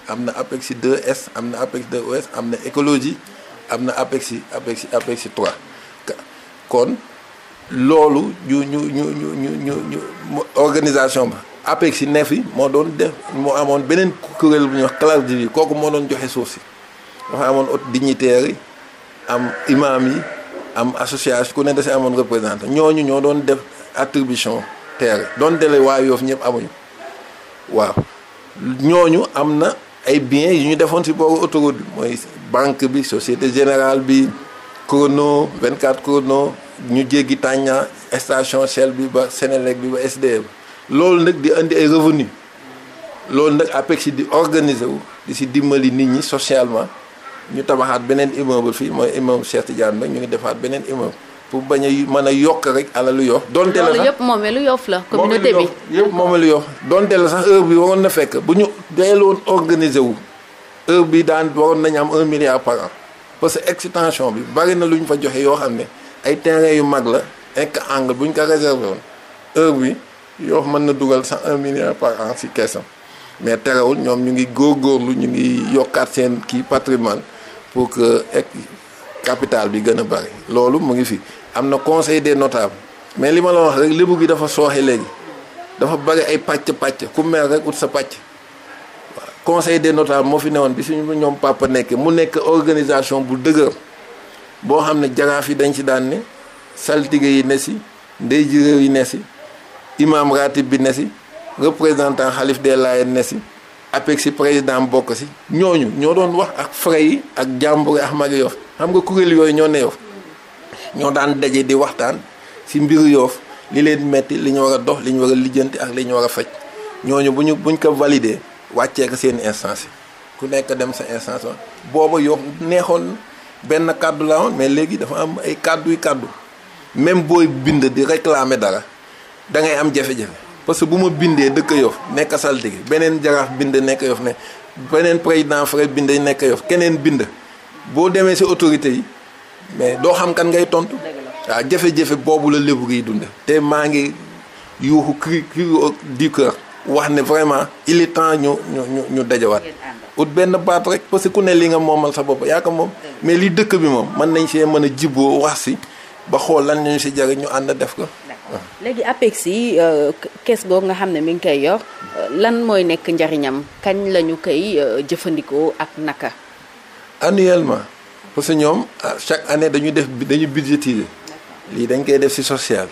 am na APEXI 2S am na APEXI 2OS am na écologie am na APEXI APEXI APEXI kon loolu ñu ñu ñu ñu ñu ñu organisation ba APEX yi ne fi moo doon def moo amoon beneen kuréel bu ñuy wax classe de vie kooku moo doon joxe suuf si dafa amoon haute dignitaires yi am imam yi am association ku ne da si amoon représentant ñooñu ñoo doon def attribution terre doon dele waa Yoof ñëpp amuñu waaw ñooñu am na ay biens yu ñu defoon si booru autoroute bi mooy banque bi société général bi Kono 24 Kono ñu jéggi tàññaa station Shell bi ba Senelec bi ba SDE loolu nag di indi ay revenu loolu nag APEX di organiser wu di si dimbali nit ñi socialement ñu tabaxaat beneen immeuble fii mooy immeuble Cheikh Tidiane nag ñu ngi defaat beneen immeuble pour bañ a mën a yokk rek ala lu yof donte la sax yëpp
moomeelu yof la communauté bi
yëpp moomeelu yof donte la sax heure bi waroon na fekk bu ñu deeloon organiser wu heure bi daan waroon nañu am un milliard par parce que extension bi bari na lu ñu fa joxe yoo xam ne ay terrain yu mag la ek angle bu ñu ko réservé woon heure bi yoo mën na dugal cent un milliard par an si keesam mais terewul ñoom ñu ngi góor góorgóorlu ñu ngi yokkaat seen kii patrimoine pour que ek capital bi gën a bari loolu mu ngi fi am na conseil des notable mais li ma la wax rek lébu gi dafa sooxe léegi dafa bari ay pàcc pàcc ku mel rek ut sa pàcc conseil des notables moo fi newoon bi suñu ñoom papa nekk mu nekk organisation bu dëgër boo xam ne jaraaf yi dañ ci daan ne saltige yi ne si ndey yi ne si imam ratib bi ne si représentant xalif des la ne si APEX si président bokk si ñooñu ñoo doon wax ak frais yi ak jàmbure ak magi Yoff xam nga kuréel yooyu ñoo ne Yoff ñoo daan daje di waxtaan si mbiru yoof li leen metti li ñu war dox li ñu war a lijjanti ak li ñu war a faj ñooñu bu ñu buñ ko validé wàccee ko seen instance ku nekk dem sa instance wa booba yow neexoon benn kàddu la woon mais léegi dafa am ay kàddu yu kàddu même booy bind di réclamer dara da ngay am jafe-jafe parce que bu ma bindee dëkk Yoff nekk saltige beneen jaraaf bind nekk Yoff ne beneen président frais bind ay nekk Yoff keneen bind boo demee si autorité yi mais doo xam kan ngay tontu. waaw jafe-jafe boobu la lébu gi dund. te maa ngi yuuxu cri cri du cœur wax ne vraiment il ñu ñu ñu ñu dajawaat ut benn baat rek parce que ku ne li nga moomal sa bopp yaa ko moom mais li dëkk bi moom mën nañ see mën a jiboo wax si ba xool lan ñu si jariñ ñu ànd def ko ah.
léegi APEX euh, kees googu nga xam ne mi ngi koy yor euh, lan mooy nekk njariñam kañ la ñu koy euh, jëfandikoo ak naka
annuellement parce que ñoom chaque année dañu def dañu budgétiser lii dañ koy def si social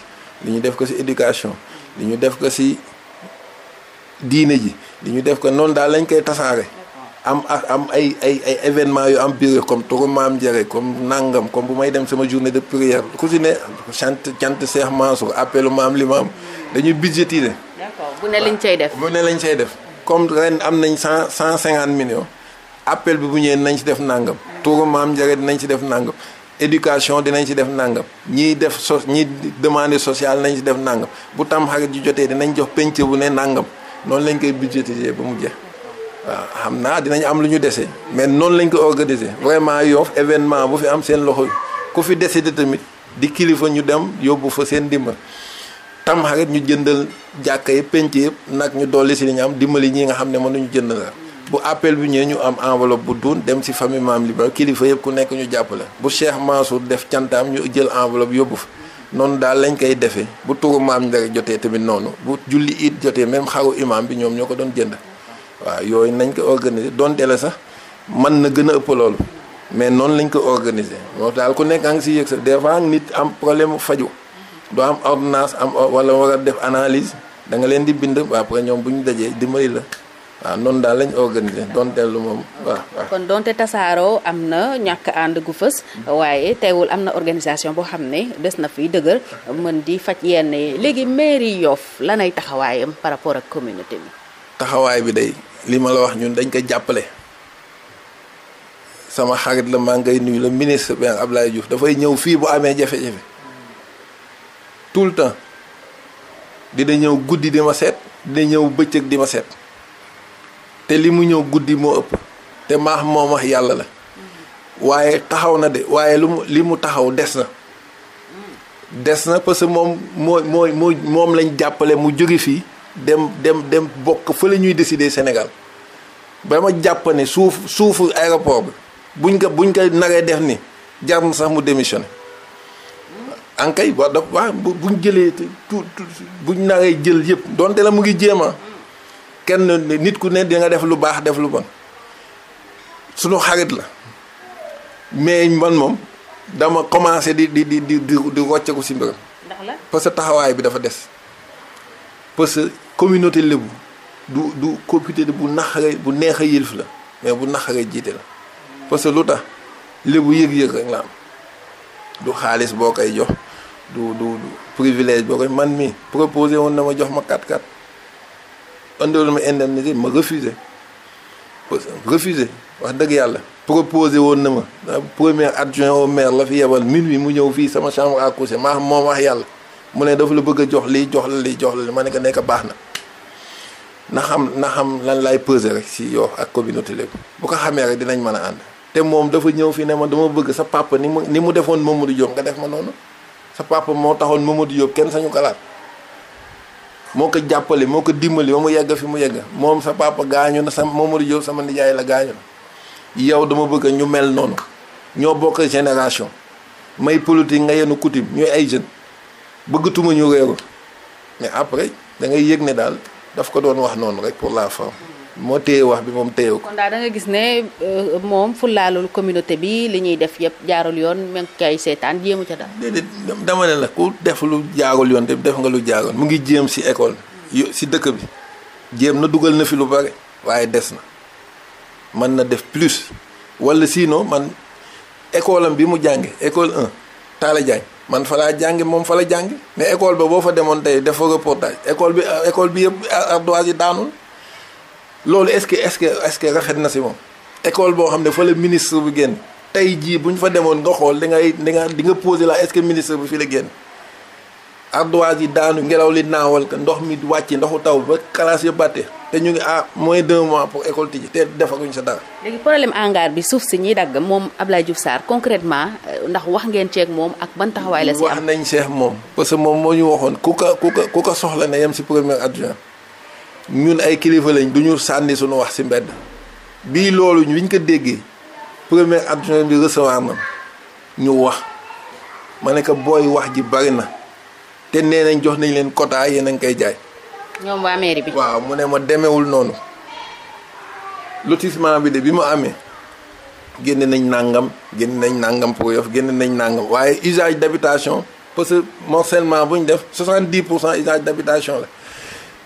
li ñu def ko si éducation li ñu def ko si diine ji li ñu def ko noonu daal lañ koy tasaare am am ay ay ay événement yu am biir comme turu maam jëre comme nangam comme bu may dem sama journée de prière ku si ne chante chante Cheikh Mansour appelu maam li maam dañuy budgétiser
d'accord bu ne def
bu ne lañ say def comme ren am nañ cent cent cinquante million appel bi bu ñëwee nañ si def nangam turu maam di nañ ci def nangam éducation dinañ ci def nangam ñiy def so ñiy demande sociale nañ si def nangam bu tam xarit ju jotee dinañ jox penc bu ne nangam noonu lañ koy budgétiser ba mu jeex waaw xam naa dinañ am lu ñu dese mais noonu lañ ko organiser vraiment Yoff événement bu fi am seen loxo ku fi décider tamit di kilifa ñu dem yóbbu fa seen dimbal tam xarit ñu jëndal jàkka yëpp penc yëpp nag ñu dolli si li ñu am dimbali ñii nga xam ne mënuñu jënd la bu appel bi ñëwee ñu am enveloppe bu duun dem si famille maam li ba kilifa yëpp ku nekk ñu jàppale bu Cheikh Mansour def cantam ñu jël enveloppe yóbbu fa noonu daal lañ koy defee bu turu maam dara jotee tamit noonu bu julli it jotee même xaru imaam bi ñoom ñoo ko doon jënd waa yooyu nañ ko organiser doon la sax man na gën a ëpp loolu mais noonu lañ ko organiser moo daal ku nekk ngi si yëg sa des fois nit am problème mu faju doo am ordinance am wala war a def analyse da nga leen di bind ba après ñoom bu ñu dajee di may la. waaw ah, noonu daal lañ organisé doon lu moom waaw
waaw kon donte tasaaroo am na ñàkk ànd gu fës waaye teewul am na organisation boo xam ne des na fi dëgër mën di faj yenn léegi mairie Yoff lanay taxawaayam par rapport ak communauté bi
taxawaay bi day li ma la wax ñun dañ ko jàppale sama xarit la maa ngay nuyu la ministre bi Abdoulaye Diouf dafay ñëw fii bu amee jafe-jafe tout le temps dina ñëw guddi di ma seet dina ñëw bëccëg di ma seet te li mu ñëw guddi moo ëpp te maax moom yàlla la waaye taxaw na de waaye lu mu li mu taxaw des na des na parce que moom moo mooy moom lañ jàppale mu jóge fii dem dem dem bokk fa la ñuy décider Sénégal ba ma jàpp ne suuf suufu aéroport bi buñ ko buñ ko naree def ni jar na sax mu démissionné ankay wax da buñ jëlee tout buñ naree jël yëpp donte la mu ngi jéema kenn nit ku ne danga def lu baax def lu bon sunu xarit la mais man moom dama commencé di di di di di wocceeku si mbiram. ndax que taxawaay bi dafa des parce que communauté lébu du du communauté bu naqaree bu neex a yilif la mais bu naqaree jiite la parce que lu tax lébu yëg-yëg rek la am du xaalis boo koy jox du du du privilège boo koy man mi proposé woon na ma jox ma 4-4. andiwul ma indemnité ma refusé refusé wax dëgg yàlla proposé woon na ma premier adjoint au maire la fi yebal minuit mu ñëw fii sama chambre à coucher maa moom wax yàlla mu ne dafa la bëgg jox liy jox la lii jox la lii ma ne ko nekk baax na na xam na xam lan laay peser rek si yow ak communauté lépp bu ko xamee rek dinañ mën a ànd te moom dafa ñëw fi ne ma dama bëgg sa papa ni mu ni mu defoon Mamadou Diop nga def ma noonu sa papa moo taxoon Mamadou Diop kenn sañu kalaat moo ko jàppale moo ko dimbali ba mu yegg fi mu yegg moom sa papa gaañu na sa Mamadou Diop sama nijaay la gaañu na yow dama bëgg ñu mel noonu ñoo bokk génération may politique nga yenu coutume ñooy ay jeunes bëggatuma ñu réeru mais après da ngay yëg ne daal daf ko doon wax noonu rek pour la forme moo téye wax bi moom téye ko.
kon daal da gis ne euh, moom fu laalul communauté bi li ñuy def yëpp jaarul yoon même kay seetaan jéemu ca dara.
déedéet dama ne la ku def lu jaagul yoon te def nga lu jaagoon mu ngi jéem si école. si dëkk bi jéem na dugal na fi lu bare waaye des na mën na def plus wala sino man école am bi mu jànge école 1 Talla Diagne man falaa jàngi moom fala la mais école ba boo fa demoon tey def fa reportage école bi école bi yëpp ardoise yi loolu est-ce que est-ce que est-ce rafet na si moom école boo xam ne fa la ministre bu génn tey jii bu ñu fa demoon nga xool di ngay di nga di nga posé la est-ce ministre bi fi la génn ardoise yi daanu ngelaw li naawal ko ndox mi wàcc ndoxu taw ba classe yëpp bàtte te ñu ngi à ah, moins d'un mois pour école tijji te defaguñ sa dara.
léegi problème hangar bi suuf si ñuy dagg moom Abdoulaye Diouf Sarr concrètement euh, ndax wax ngeen ceeg moom ak ban taxawaay la si am. wax
nañ ceeg moom parce que moom moo ñu waxoon ku ko ku ku ko soxla ne yem si premier adjoint. ñun ay kilifa lañ du ñu sànni suñu wax si mbedd bii loolu ñu ko déggee premier adjoint bi recevoir ñu wax ma ne ko booy wax ji bari na te nee nañ jox nañ leen quota yéen a koy jaay.
ñoom waa waaw
mu ne ma demewul noonu lotissement bi de bi mu amee génne nañ nangam génne nañ nangam pour yof génne nañ nangam waaye usage d' habitation parce que morcellement bu ñu def 70 pour cent usage d' la.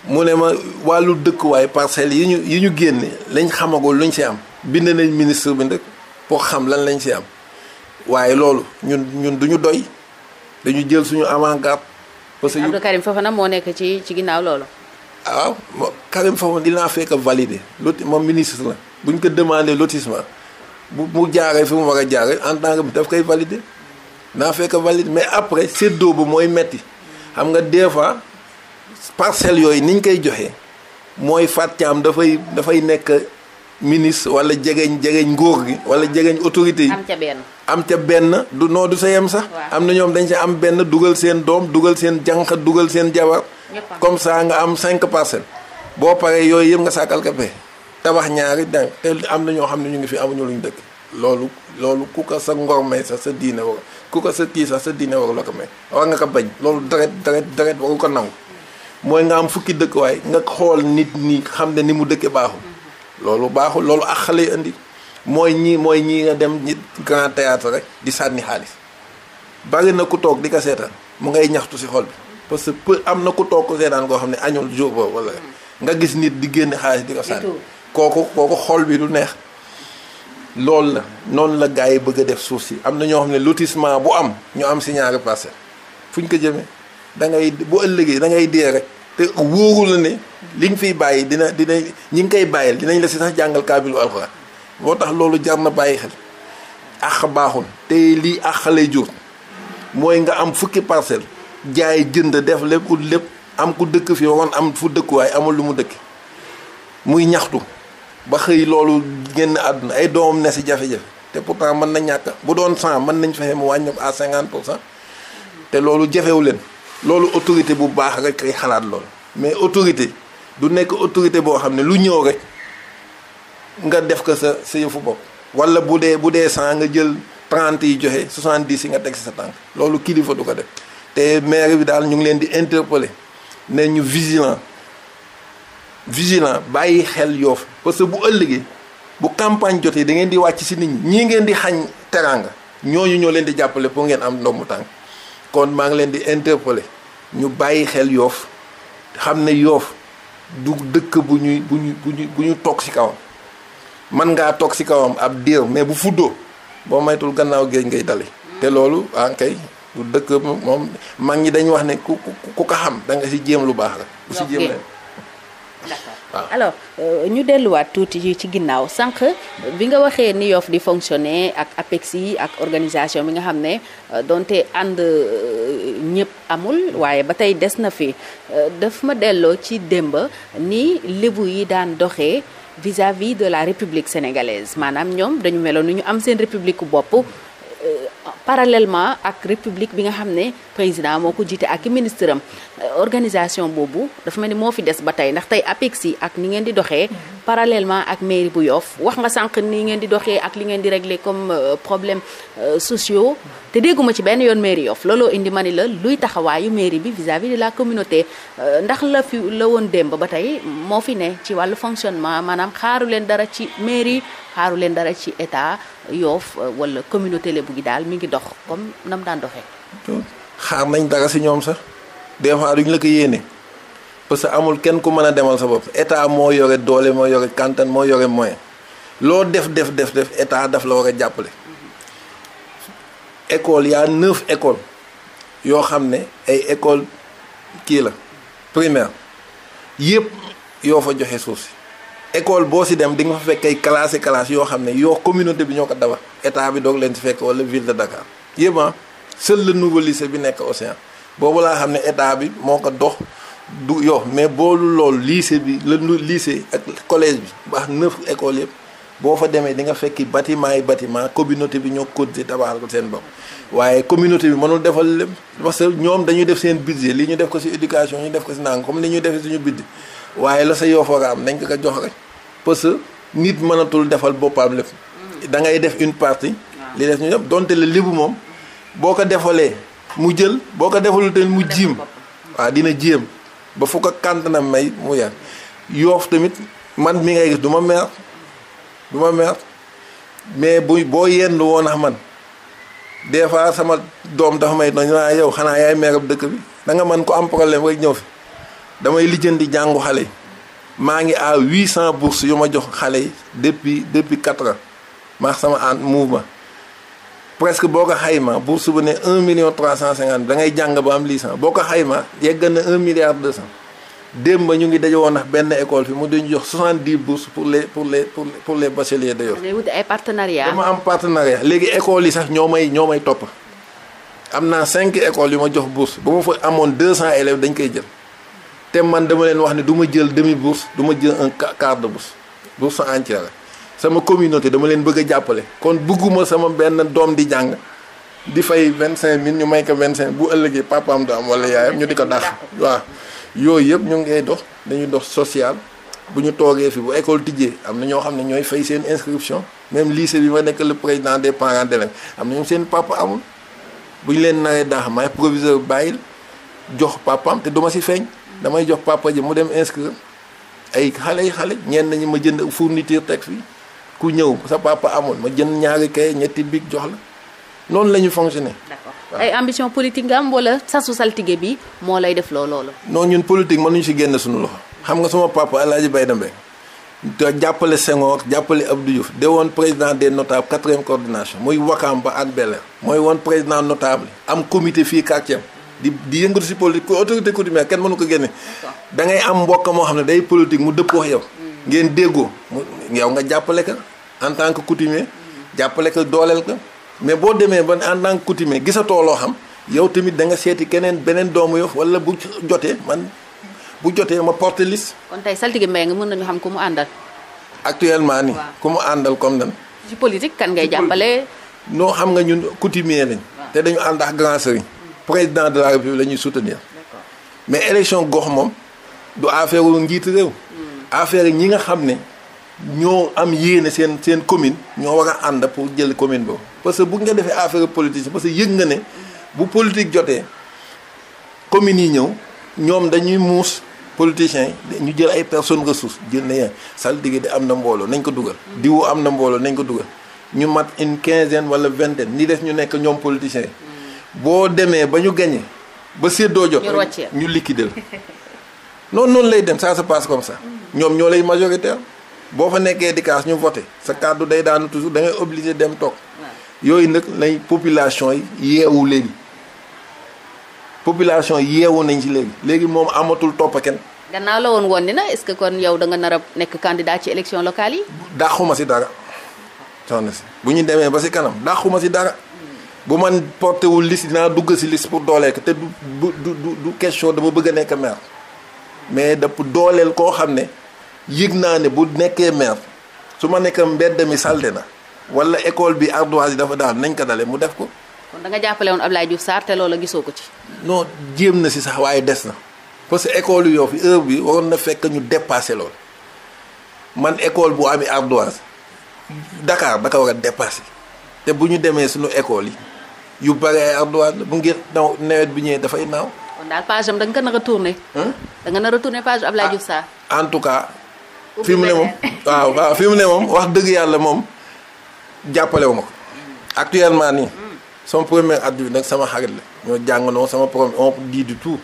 mu ne ma wàllu dëkkuwaay parcelles yi ñu yi ñu génne lañ xamagul luñ see am bind nañ ministre bi nag pour xam lan lañ ci am waaye loolu ñun ñun duñu doy dañu jël suñu avant-garde. parce que Abdou
Karim Fofana moo nekk ci ci ginnaaw loolu.
waaw ah, moom Karim Fofana dinaa fekk valider loti moom ministre la buñ ko demandé lotissement bu mu jaaree fi mu war a jaaree en tant que daf koy valider naa fekk valider mais après séddoo bu mooy metti xam nga des fois. parcelles yooyu niñ koy joxee mooy Fatou Thiam dafay dafay nekk ministre wala jegeñ jegeñ ngóor gi wala jegeñ autorité yi. am ca benn du noo du sa yem sax. am na ñoom dañ sa am benn dugal seen doom dugal seen jànq dugal seen jabar. comme ça nga am cinq parcelles. boo paree yooyu yëpp nga sàkkal ko pexe tabax ñaari daan te am na ñoo xam ne ñu ngi fi amuñu luñ dëkk. loolu loolu ku ko sa ngor may sax sa diine war ku ko sa kii sax sa la ko may war nga ko bañ loolu deret deret deret waru ko nangu. mooy nga am fukki dëkkuwaay nga xool nit ni xam ne ni mu dëkke baaxul loolu baaxul loolu ak xale yi indi mooy ñii mooy ñii nga dem ñi grand théâtre rek di sànni xaalis bari na ku toog di ko seetaan mu ngay ñaxtu si xol bi parce que peu am na ku toog ko seetaan koo xam ne añul jour boobu wala mm. nga gis nit di génn xaalis di ko sànni kooku kooku xol bi du neex loolu la noonu la gars yi bëgg a def suuf si am na ñoo xam ne lotissement bu am ñu am si ñaari parcelle fu ñu ko jëmee da ngay bu ëllëgee da ngay dee rek te wóoru la ne li nga fiy bàyyi dina dina ñi ngi koy bàyyil dinañ la si sax jàngal kaabilu alxuraan moo tax loolu jar bàyyi xel àq baaxul te lii àq lay jur mooy nga am fukki parcelle jaay jënd def lépp ut lépp am ku dëkk fi waroon am fu dëkkuwaay amul lu mu dëkk muy ñaxtu ba xëy loolu génn àdduna ay doom ne si jafe-jafe te pourtant mën na ñàkk bu doon cent mën nañ fexe mu wàññi ko à cinquante pour cent te loolu jafewu leen loolu autorité bu baax rek kay xalaat loolu mais autorité du nekk autorité boo xam ne lu ñëw rek nga def ko sa sa yëfu bopp wala bu dee bu dee cent nga jël trente yi joxe soixante dix yi nga teg sa tànk loolu kilifa du ko def te maire bi daal ñu ngi leen di interpeller ne ñu vigilant vigilant bàyyi xel yoofu parce que bu ëllëgee bu campagne jotee da ngeen di wàcc si nit ñi ñii ngeen di xañ teraanga ñooñu ñoo leen di jàppale pour ngeen am ndombu tànk kon maa ngi leen di interpeller ñu bàyyi xel yoof xam ne yoof du dëkk bu ñuy bu ñu bu ñu bu ñu toog ci kawam man ngaa toog ci kawam ab diir mais bu fuddoo boo maytul gannaaw géej ngay dale te loolu ankay ah, du dëkk moom mag ñi dañu wax ne ku ku ko xam da nga ci jéem lu baax la bu ci jéem leen
Ah. alors euh, ñu delluwaat tuuti ci ginnaaw sànq bi nga waxee ni Yoff di fonctionner ak APEX yi ak organisation bi nga xam ne euh, donte ànd euh, ñëpp amul waaye ba tey des na fi daf ma delloo ci démb ni lébu yi daan doxee vis-à-vis de la République sénégalaise maanaam ñoom dañu meloon ni ñu am seen république bopp parallèlement ak république bi nga xam ne président moo ko jiite ak ministre am euh, organisation boobu dafa mel ne moo fi des ba tey ndax tey APEXI ak ni ngeen di doxee parallèlement ak mairie bu yoof wax nga sànq ni ngeen di doxee ak li ngeen di régler comme euh, problème euh, sociaux te dégguma ci benn yoon mairie Yoff looloo indi ma ni la luy taxawaayu mairie bi vis à la communauté euh, ndax la fi la woon démb ba tey moo fi ne ci wàllu fonctionnement maanaam xaaru leen dara ci mairie xaaru leen dara ci état Yoff wala communauté Lebu gi daal mi ngi dox comme mu daan doxee.
xaar nañ dara si ñoom sax des fois duñ la ko parce que amul kenn ku mën a demal sa bopp état moo yore doole moo yore kantan moo yore moyen loo def def def def état daf la war a jàppale école y a neuf yoo xam ne ay école kii la primaire yëpp yoo fa joxe suuf si école boo si dem di nga fa fekk ay classe classe yoo xam ne yoo communauté bi ñoo ko tabax état bi doog leen si fekk wala ville de Dakar yëpp ah seul le nouveau lycée bi nekk Océan boobu laa xam ne état bi moo ko dox du yow mais boolu loolu lycée bi la lycée ak collège bi baax neuf écoles yëpp boo fa demee dinga nga fekki bâtiment yi bâtiment communauté bi ñoo cotisé tabaxal ko seen bopp waaye communauté bi mënul defal lépp parce que ñoom dañuy def seen budget li ñu def ko si éducation ñu def ko si nang comme li ñuy defee suñu budget waaye la sa yoo foog am nañ ko ko jox rek parce que nit mënatul defal boppam lépp da ngay def une partie li des donte la libu moom boo ko defalee mu jël boo ko defalul tamit mu jiim waaw dina jéem ba fukk ak kàntanam may mu yar yoof tamit man mi ngay gis du ma meer du ma meer mais bu boo yenn woon ax man des fois sama doom dafa may doon naa yow xanaa yaay meerab dëkk bi da nga man ko am problème rek ñëw fi damay lijjan di jàngu xale yi maa ngi à 800 bourses yu ma jox xale yi depuis depuis quatre ans maa sama ànd mouvement presque boo ko xayma bourse bu ne un million trois cent cinquante da ngay jàng ba am licence boo ko xayma yegg na un milliard deux cent démb ba ñu ngi daje woon ndax benn école fi mu dañu jox soixante dix bourses pour les pour les pour les pour les bacheliers de Yoff.
dama
am partenariat léegi écoles yi sax ñoo may ñoo may topp am naa cinq écoles yu ma jox bourse ba ma fa amoon deux cent élèves dañ koy jël te man dama leen wax ne du ma jël demi bourse du ma jël un quart de bourse bourse entière sama communauté dama leen bëgg a jàppale kon bëgguma sama benn doom di jàng di fay vingt cinq mille ñu may ko vingt cinq bu ëllëgee papaam du am wala yaayam ñu di ko dàq waaw yooyu yëpp ñu ngay dox dañuy dox social bu ñu toogee fii bu école tijjee am na ñoo xam ne ñooy fay seen inscription même lycée bi ma nekk le président des parents d'élèves am na ñu seen papa amul bu ñu leen naree daax maay proviseur bàyyil jox papaam te duma si feeñ damay jox papa ji mu dem inscrire ay xale yi xale ñenn ñi ma jënd fourniture teg fii ku ñëw sa papa amoon ma jënd ñaari kay ñetti big jox la noonu la ñu fonctionné.
d'accord ay ambition politique nga am wala sasu saltige bi moo lay def loo loolu.
non ñun politique mënuñu si génn suñu loxo. xam nga sama papa El Hadj Baye Dembe te jàppale Senghor jàppale Abdou Diouf de woon président de notables quatrième coordination muy Wakaam ba ak Bel Air mooy woon président notable am comité fii quartier di di yëngatu si politique autorité coutumière kenn mënu ko génne. da ngay am mbokk moo xam ne day politique mu mm. mu yow nga jàppale ka en tant que coutumier jàppale ko dooleel ko mais boo demee ba en tant que coutumier gisatoo loo xam yow tamit da nga seeti keneen beneen doomu Yoff wala bu jotee man bu jotee ma porte
liste. kon tey saltige mbay nga mën nañu xam ku mu àndal.
actuellement ni ku mu àndal comme nan.
ci politique kan ngay jàppale.
noo xam nga ñun coutumier lañ. te dañu ànd ak grand sëriñ. président de la république la ñuy soutenir. mais élection gox moom du affaire wu njiitu réew. Hmm. affaire ñi nga xam ne ñoo am yéene seen seen commune ñoo war a ànd pour jël commune boobu parce que bu nga defee affaire politique parce que yëg nga ne bu politique jotee communes yi ñëw ñoom dañuy muus politiciens yi ñu jël ay personnes ressources jël na yeen saltige di am na mbooloo nañ ko dugal diwu am na mbooloo nañ ko dugal ñu mat une quinze quinzaine wala vingtaine ni def ñu nekk ñoom politiciens boo demee ba ñu gañe ba séddoo jot ñu liquider non noonu lay dem ça se passe comme ça ñoom ñoo lay majoritaire boo fa nekkee di kaas ñu voté sa kàddu day daanu toujours da ngay obligé dem toog yooyu nag lay population yi yeewu léegi population yeewu nañ ci léegi léegi moom amatul topp kenn.
gannaaw la woon woon ni na est-ce que kon yow da nga nar nekk candidat ci élection locale yi.
dàquma si dara soxna si bu ñu demee ba si kanam dàquma si dara bu man porté wul dinaa dugg si liste pour dooleel ko te du du du du question dama bëgg a nekk maire mais da dooleel koo xam ne. yëg naa ne bu nekkee maire su ma nekk mbedd mi salte na wala école bi ardoise yi dafa daal nañ ko dale mu def ko.
kon da nga jàppale woon Abdoulaye Diouf Sarr te loola gisoo ko ci.
non jéem na si sax waaye des na parce que école yu Yoff heure bi waroon na fekk ñu dépassé lool man école bu amee ardoise Dakar da ko war a dépassé te bu ñu demee suñu école yi yu bare ay ardoise bu ngir naw nawet bi ñëwee dafay naaw.
kon daal page am da nga nar a tourné. da nga a tourné ah, tout cas. fi mu ne moom
waaw waaw fi mu ne moom wax dëgg yàlla moom jàppalewu ma ko actuellement nii hmm. sama premier addu nag sama xarit la ñoo jàngandoo sama problème on dit du tout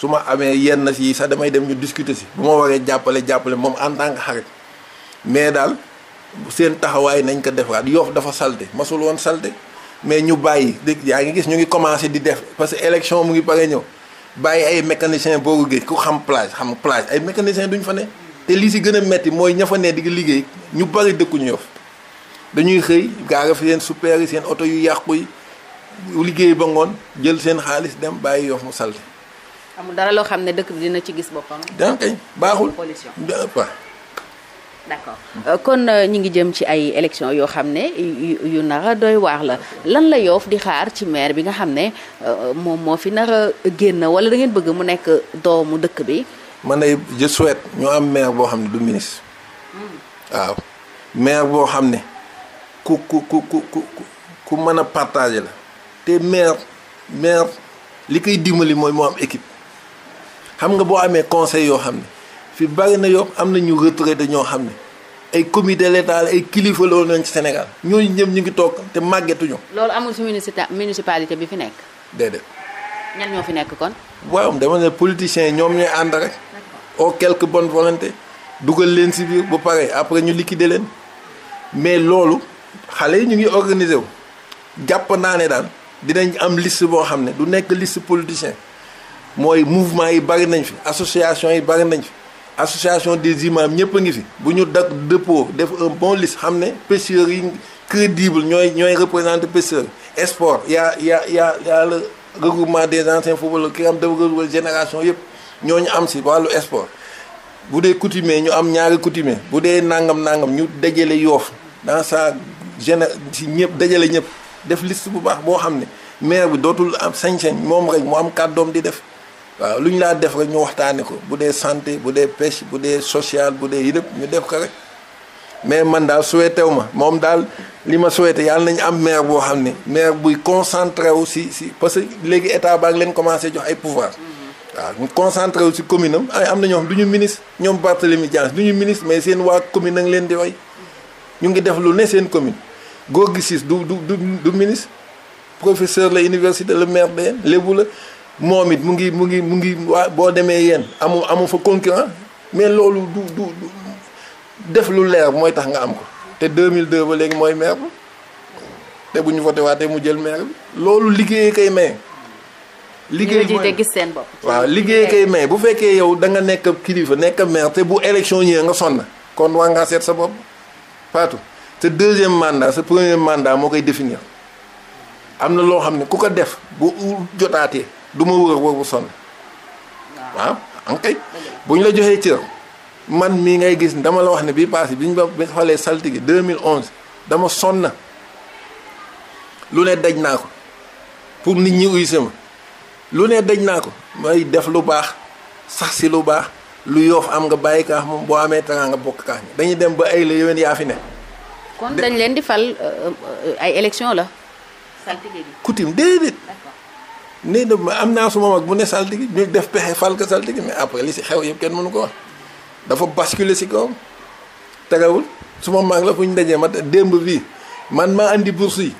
su ma amee yenn si sax damay dem ñu discuter si bu ma waree jàppale jàppale moom en tant que xarit mais daal seen taxawaay nañ ko defaat Yoff dafa salte masul woon salte mais ñu bàyyi dégg yaa ngi gis ñu ngi commencé di def parce que élection mu ngi pare ñëw bàyyi ay mécanicien boobu géej ku xam plage xam plage ay mécanicien duñ fa te li si gën a metti mooy ña fa ne di liggéey ñu bari dëkkuñu Yoff dañuy xëy gaara fi seen super yi seen oto yu yàqu yi liggéey ba ngoon jël seen xaalis dem bàyyi Yoff mu salte
amul dara loo xam ne dëkk bi dina ci gis boppam. daan kay baaxul pollution d'accord euh, kon euh, ñu ngi jëm ci ay élections yoo xam ne yu nara doy waax la lan la Yoff di xaar ci maire bi nga xam ne euh, moom moo fi nara génn wala da ngeen bëgg mu nekk doomu dëkk bi man day
je souhaite ñu am maire boo xam ne du ministre waaw maire boo xam ne ku ku ku ku ku ku mën a partager la te maire maire li koy dimbali mooy moo am équipe xam nga boo amee conseil yoo xam ne fi bari na yoo am na ñu retraité ñoo xam ne ay comité l'état ay kilifa la woon nañ ci Sénégal ñooñu ñëpp ñu ngi toog te màggetuñu.
loolu amul ci municipalité bi fi nekk. déedéet. ñan ñoo fi nekk kon.
waaw dama ne politiciens ñoom ñooy ànd rek. oo quelque bonne volonté dugal leen si biir bu paree après ñu liquider leen mais loolu xale yi ñu ngi organiser wu jàpp naa ne daal dinañ am liste boo xam ne du nekk liste politicien mooy mouvement yi bari nañ fi association yi bari nañ fi association des imams ñëpp a ngi fi bu ñu dak dépôt def un bon liste xam ne pêcheurs yi crédible ñooy ñooy représenté pêcheurs sport y a y a y a y a le regroupement des anciens footballeurs ki am dafa génération yëpp ñoo ñu am si wàllu esport bu dee coutumier ñu am ñaari coutumier bu dee nangam nangam ñu dajale yoof dans sa géné ci ñëpp dajale ñëpp def liste bu baax boo xam ne maire bi dootul am sañ-sañ moom rek mu am kàddoom di def waaw lu ñu laa def rek ñu waxtaane ko bu dee santé bu dee pêche bu dee social bu dee yëpp ñu def ko rek mais man daal souhaité wu ma moom daal li ma souhaité yàlla nañu am maire boo xam ne maire buy concentré wu si si parce que léegi état baa leen commencé jox ay pouvoir waaw mu concentré wu si commune am ay am na ñoo xam du ñu ministre ñoom Barthélémy Dias du ñu ministre mais seen waa commune nag leen di way ñu ngi def lu ne seen commune Gorgui Ciss du du du du ministre professeur la université le maire de Lébu moom it mu ngi mu ngi mu ngi waa boo demee yéen amu amu fa concurrent mais loolu du lu leer mooy tax nga am ko te 2002 ba léegi mooy maire ba te bu ñu voté waatee mu jël maire loolu liggéey kay maye. liggéey mooy gis
seen bopp. waaw
liggéey kay may bu fekkee yow danga nekk kilifa nekk maire te bu élection ñëwee nga sonn kon waa ngaa seet sa bopp Fatou sa deuxième mandat sa premier mandat moo koy définir am na loo xam ne ku ko def bu jotaatee du ma wër wër bu sonn waaw an bu ñu la joxee cër man mii ngay gis ni dama la wax ne bii passé bi ñu ba bi xoolee saltige 2011 dama sonn lu ne daj naa ko pour nit ñi uy sama lu ne dañ naa ko may def lu baax sax si lu baax lu yoof am nga bàyyi kaax moom boo amee tanga nga bokk ka ñi dañuy dem ba ay la yaa fi ne
kon dañ leen di fal euh, euh, ay élection la saltige bi coutume déedéet
nee na ma mag bu ne saltige ñu def pexe fal ko saltige mais après li si xew yëpp kenn mënu ko wax dafa basculer si kawam tegawul suma mag la fu ñu dajee ma démb bii man maa andi bourse yi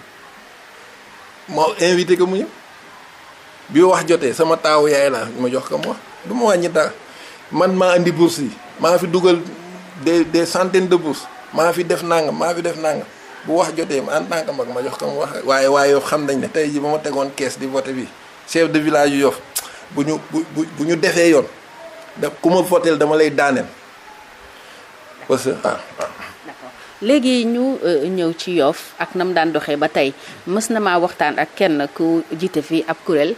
moo invité ko mu ñëw bi wax jotee sama taaw yaay la ma jox ko mu wax du ma wàññi dara man maa indi bourse yi maa fi dugal des des centaines de bourses maa fi def nangam maa fi def nangam bu wax jotee en tant que mag ma jox ko mu wax waaye waaye yow xam nañ ne tey ji ba ma tegoon kees di voté bi chef de village yu Yoff bu ñu bu bu ñu defee yoon da ku ma voteel dama lay daaneel parce que ah, ah.
léegi ñu euh, ñëw ci yoof ak nam daan doxee ba tey mës na ma waxtaan ak kenn ku jiite fii ab kuréel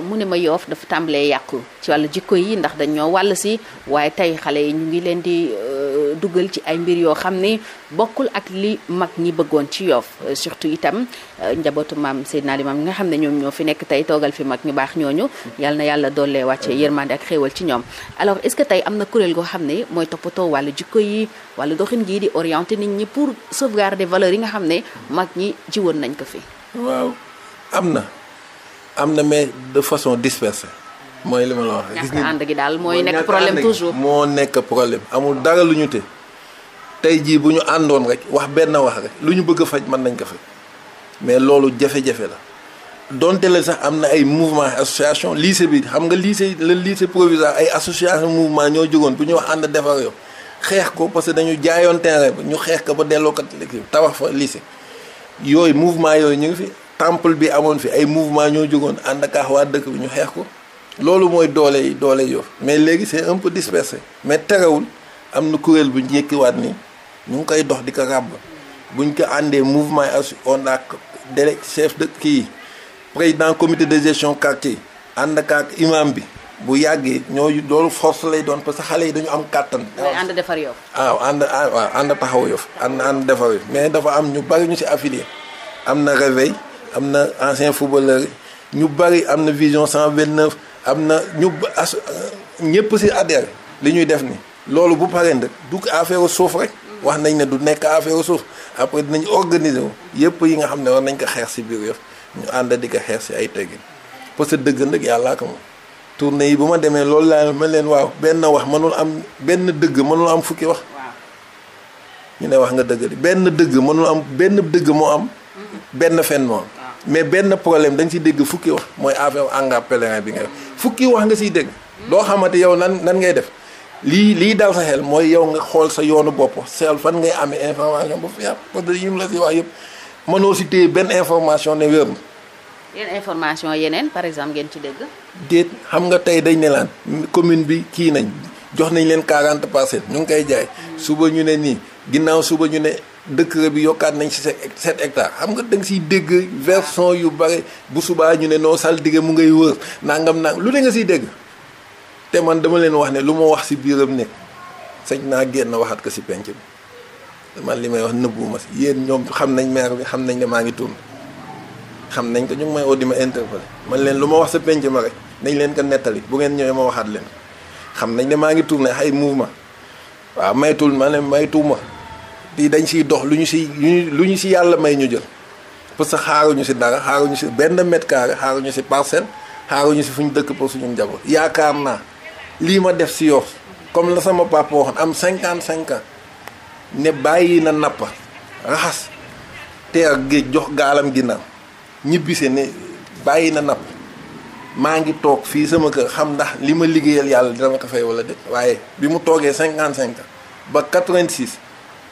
mu ne ma yoof dafa tàmbalee yàqu ci wàllu jikko yi ndax dañ ñoo wàll si waaye tey xale yi ñu ngi leen di euh, dugal ci ay mbir yoo xam ne bokkul ak li mag ñi bëggoon ci yoof euh, surtout itam euh, njabootu maam Seydina Limam nga xam ne ñoom ñoo fi nekk tey toogal fi mag ñu baax ñooñu yàlla na yàlla doole wàcce yërmande ak xéewal ci ñoom alors est-ce que tey am na kuréel goo xam ne mooy toppatoo wàllu jikko yi wàllu doxin gii di orienté nit ñi pour sauvegarder valeurs yi nga xam ne mag ñi jiwoon nañ ko fi
am na mais de façon dispersée.
mooy li ma wax gis nga ànd gi daal mooy nekk problème toujours
moo nekk problème amul dara lu ñu te tey jii bu ñu àndoon rek wax benn wax rek lu ñu bëgg faj mën nañ ko faj mais loolu jafe-jafe la donte la sax am na ay mouvement association lycée bi xam nga lycée le lycée provisoire ay association mouvement ñoo jógoon bu ñu wax ànd defar yow xeex ko parce que dañu jaayoon terrain bi ñu xeex ko ba delloo ko tabax fa lycée yooyu mouvement yooyu ñu ngi fi temple bi amoon fi ay mouvement ñoo jógoon ànd ak waa dëkk bi ñu xeex ko loolu mooy doole yi doole Yoff mais léegi c'est un peu dispersé mais terewul am na kuréel bu ñu ni ñu ngi koy dox di ko ràbb buñ ko àndee mouvement yi on a délé chef de kii président comité de gestion quartier ànd ak imam bi bu yàggee ñooñu loolu force lay doon parce que xale yi dañu am kàttan. waaw
ànd defar Yoff.
Ah, ah, waaw ànd waaw ànd taxaw Yoff. ànd ànd defar Yoff mais dafa am ñu bari ñu ci affilié am na réveil. am na ancien footballeur ñu bari am na vision 129 am na ñu as ñëpp si adhère li ñuy def ni loolu bu paree nag du affaire suuf rek wax nañ ne du nekk affaire suuf après dinañ organiser wu yëpp yi nga xam ne war nañ ko xeex si biir yëf ñu ànd di ko xeex si ay teggin parce que dëgg nag yàllaa ko moom tournée yi bu ma demee loolu laa ma leen waaw benn wax mënul am benn dëgg mënul am fukki wax ñu ne wax nga dëgg di benn dëgg mënul am benn dëgg moo am mm-hmm. benn fen moo mais benn problème da si siy dégg fukki wax mooy affaire engrais pèlerin bi nga fukki wax nga siy dégg. doo xamante yow nan nan ngay def lii lii dal sa xel mooy yow nga xool sa yoonu bopp seetlu fan ngay amee information bu fi parce que yim la wax yëpp mënoo si téye benn information ne wér
yeneen par exemple ngeen ci dégg.
déet xam nga tey dañ ne laan commune bi kii nañ jox nañ leen quarante parcelles ñu ngi koy jaay. Hmm. suba ñu ne nii ginnaaw suba ñu ne. dëkk bi yokkaat nañ ci sept hectares xam nga da si siy dégg version yu bare bu subaa ñu ne noo saltige mu ngay wër nangam nang lu ne nga siy dégg te man dama leen wax ne lu ma wax si biiram ne sañ naa génn waxaat ko si penc bi man li may wax nëbbuma si yéen ñoom xam nañ maire bi xam nañ ne maa ngi tuum xam nañ ko ñu ngi may oo di ma interpellé man leen lu ma wax sa penc ma rek nañ leen ko nettali bu ngeen ñëwee ma waxaat leen xam nañ ne maa ngi tourné ay mouvement waaw maytul ma ne di dañ siy dox lu ñu si lu ñu si yàlla may ñu jël parce que xaaruñu si dara xaaruñu si benn mètre carré xaaruñu si parcelle xaaruñu si fu ñu dëkk pour suñu njaboot yaakaar naa lii ma def si Yoff comme la sama papa waxoon am cinquante ans ne bàyyi na napp raxas teer géej jox gaalam ginnaaw ñibbise ne bàyyi na napp maa ngi toog fii sama kër xam ndax li ma liggéeyal yàlla dama ko fay wala de waaye bi mu toogee 55 ans ba 86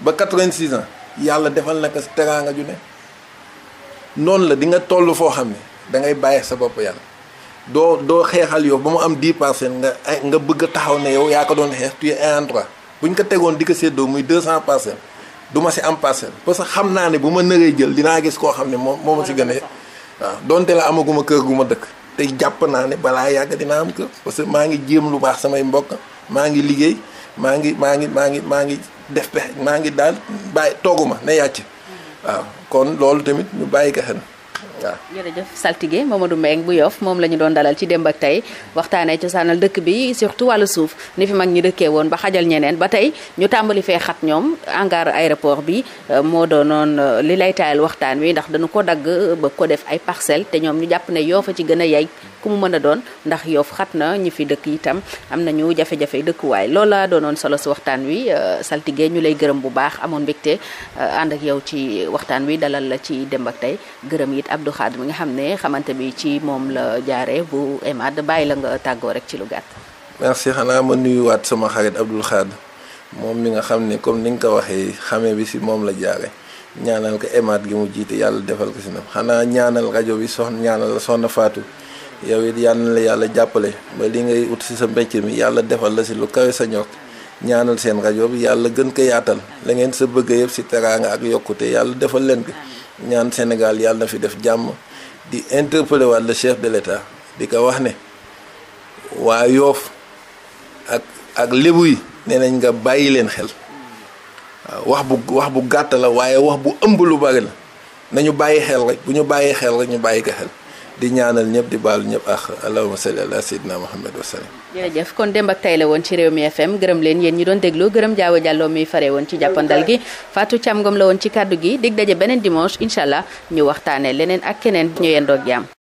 ba 86 ans yàlla defal na ko teraanga ju ne noonu la di nga toll foo xam ne da ngay bàyyi sa bopp yàlla doo doo xeexal yow ba mu am di pour cent nga nga bëgg taxaw ne yow yaa ko doon xeex tu es un en trois bu ñu ko tegoon di ko séddoo muy 200 pour cent du ma si am parcelle parce que xam naa ne bu ma nëree jël dinaa gis koo xam ne moom moo ma si gën a waaw donte la amaguma kër gu ma dëkk te jàpp naa ne balaa yàgg dinaa am kër parce que maa ngi jéem lu baax samay mbokk maa ngi liggéey maa ngi maa ngi maa ngi maa ngi def pexe maa ngi daal bàyyi tooguma ne yàcc waaw kon loolu tamit ñu bàyyi ko xel waaw
jërëjëf saltige Mamadou Mbengue bu Yoff moom la ñu doon dalal ci démb ak tey waxtaanee cosaanal dëkk bi surtout wàllu suuf ni fi mag ñi dëkkee woon ba xajal ñeneen ba tey ñu tàmbali fee xat ñoom hangar aéroport bi euh, moo doonoon euh, li lay taayal waxtaan wi ndax dañu ko dagg euh, ba ko def ay parcelles te ñoom ñu jàpp ne Yoff a ci gën a yay ku mu mën a doon ndax Yoff xat na ñu fi dëkk itam am nañu jafe-jafe dëkkuwaay loola doonoon solo si waxtaan wi saltige ñu lay gërëm bu baax amoon mbégte ànd ak yow ci waxtaan wi dalal la ci démb tey Abdou Khadre mi nga xam ne xamante bi ci moom la jaare bu EMAD bàyyi la nga tàggoo rek ci lu gàtt.
merci xanaa ma nuyuwaat sama xarit Abdou Khadre moom mi nga xam ne comme ni nga ko waxee xamee bi si moom la jaare ñaanal ko EMAD gi mu jiite yàlla defal ko si nam xanaa ñaanal rajo bi soxna ñaanal la soxna Fatou yow it yal la yàlla jàppale ba li ngay ut si sa mbécc mi yàlla defal la si lu kawe sa ñor ñaanal seen rajo bi yàlla gën ko yaatal la ngeen sa bëgg yëpp si teraanga ak yokkute yàlla defal leen ko ñaan Sénégal yàlla na fi def jàmm di interpeller waat le chef de l'État di ko wax ne waa yoof ak ak lébu yi nee nañ nga bàyyi leen xel waaw wax bu wax bu gàtt la waaye wax bu ëmb lu bari la nañu bàyyi xel rek bu ñu bàyyi xel rek ñu bàyyi ko xel di ñaanal ñëpp di baalu ñëpp ak allahumma salli ala sayyidina muhammad wa sallam
jërëjëf kon démb ak tay la woon ci réew mi FM gërëm leen yéen ñi doon déglu gërëm jaawa jàlloo mi fare woon ci jàppandal gi Fatou Thiam Ngom la woon ci kàddu gi dig daje beneen dimanche incha allah ñu waxtaane leneen ak keneen ñu yendoog jàmm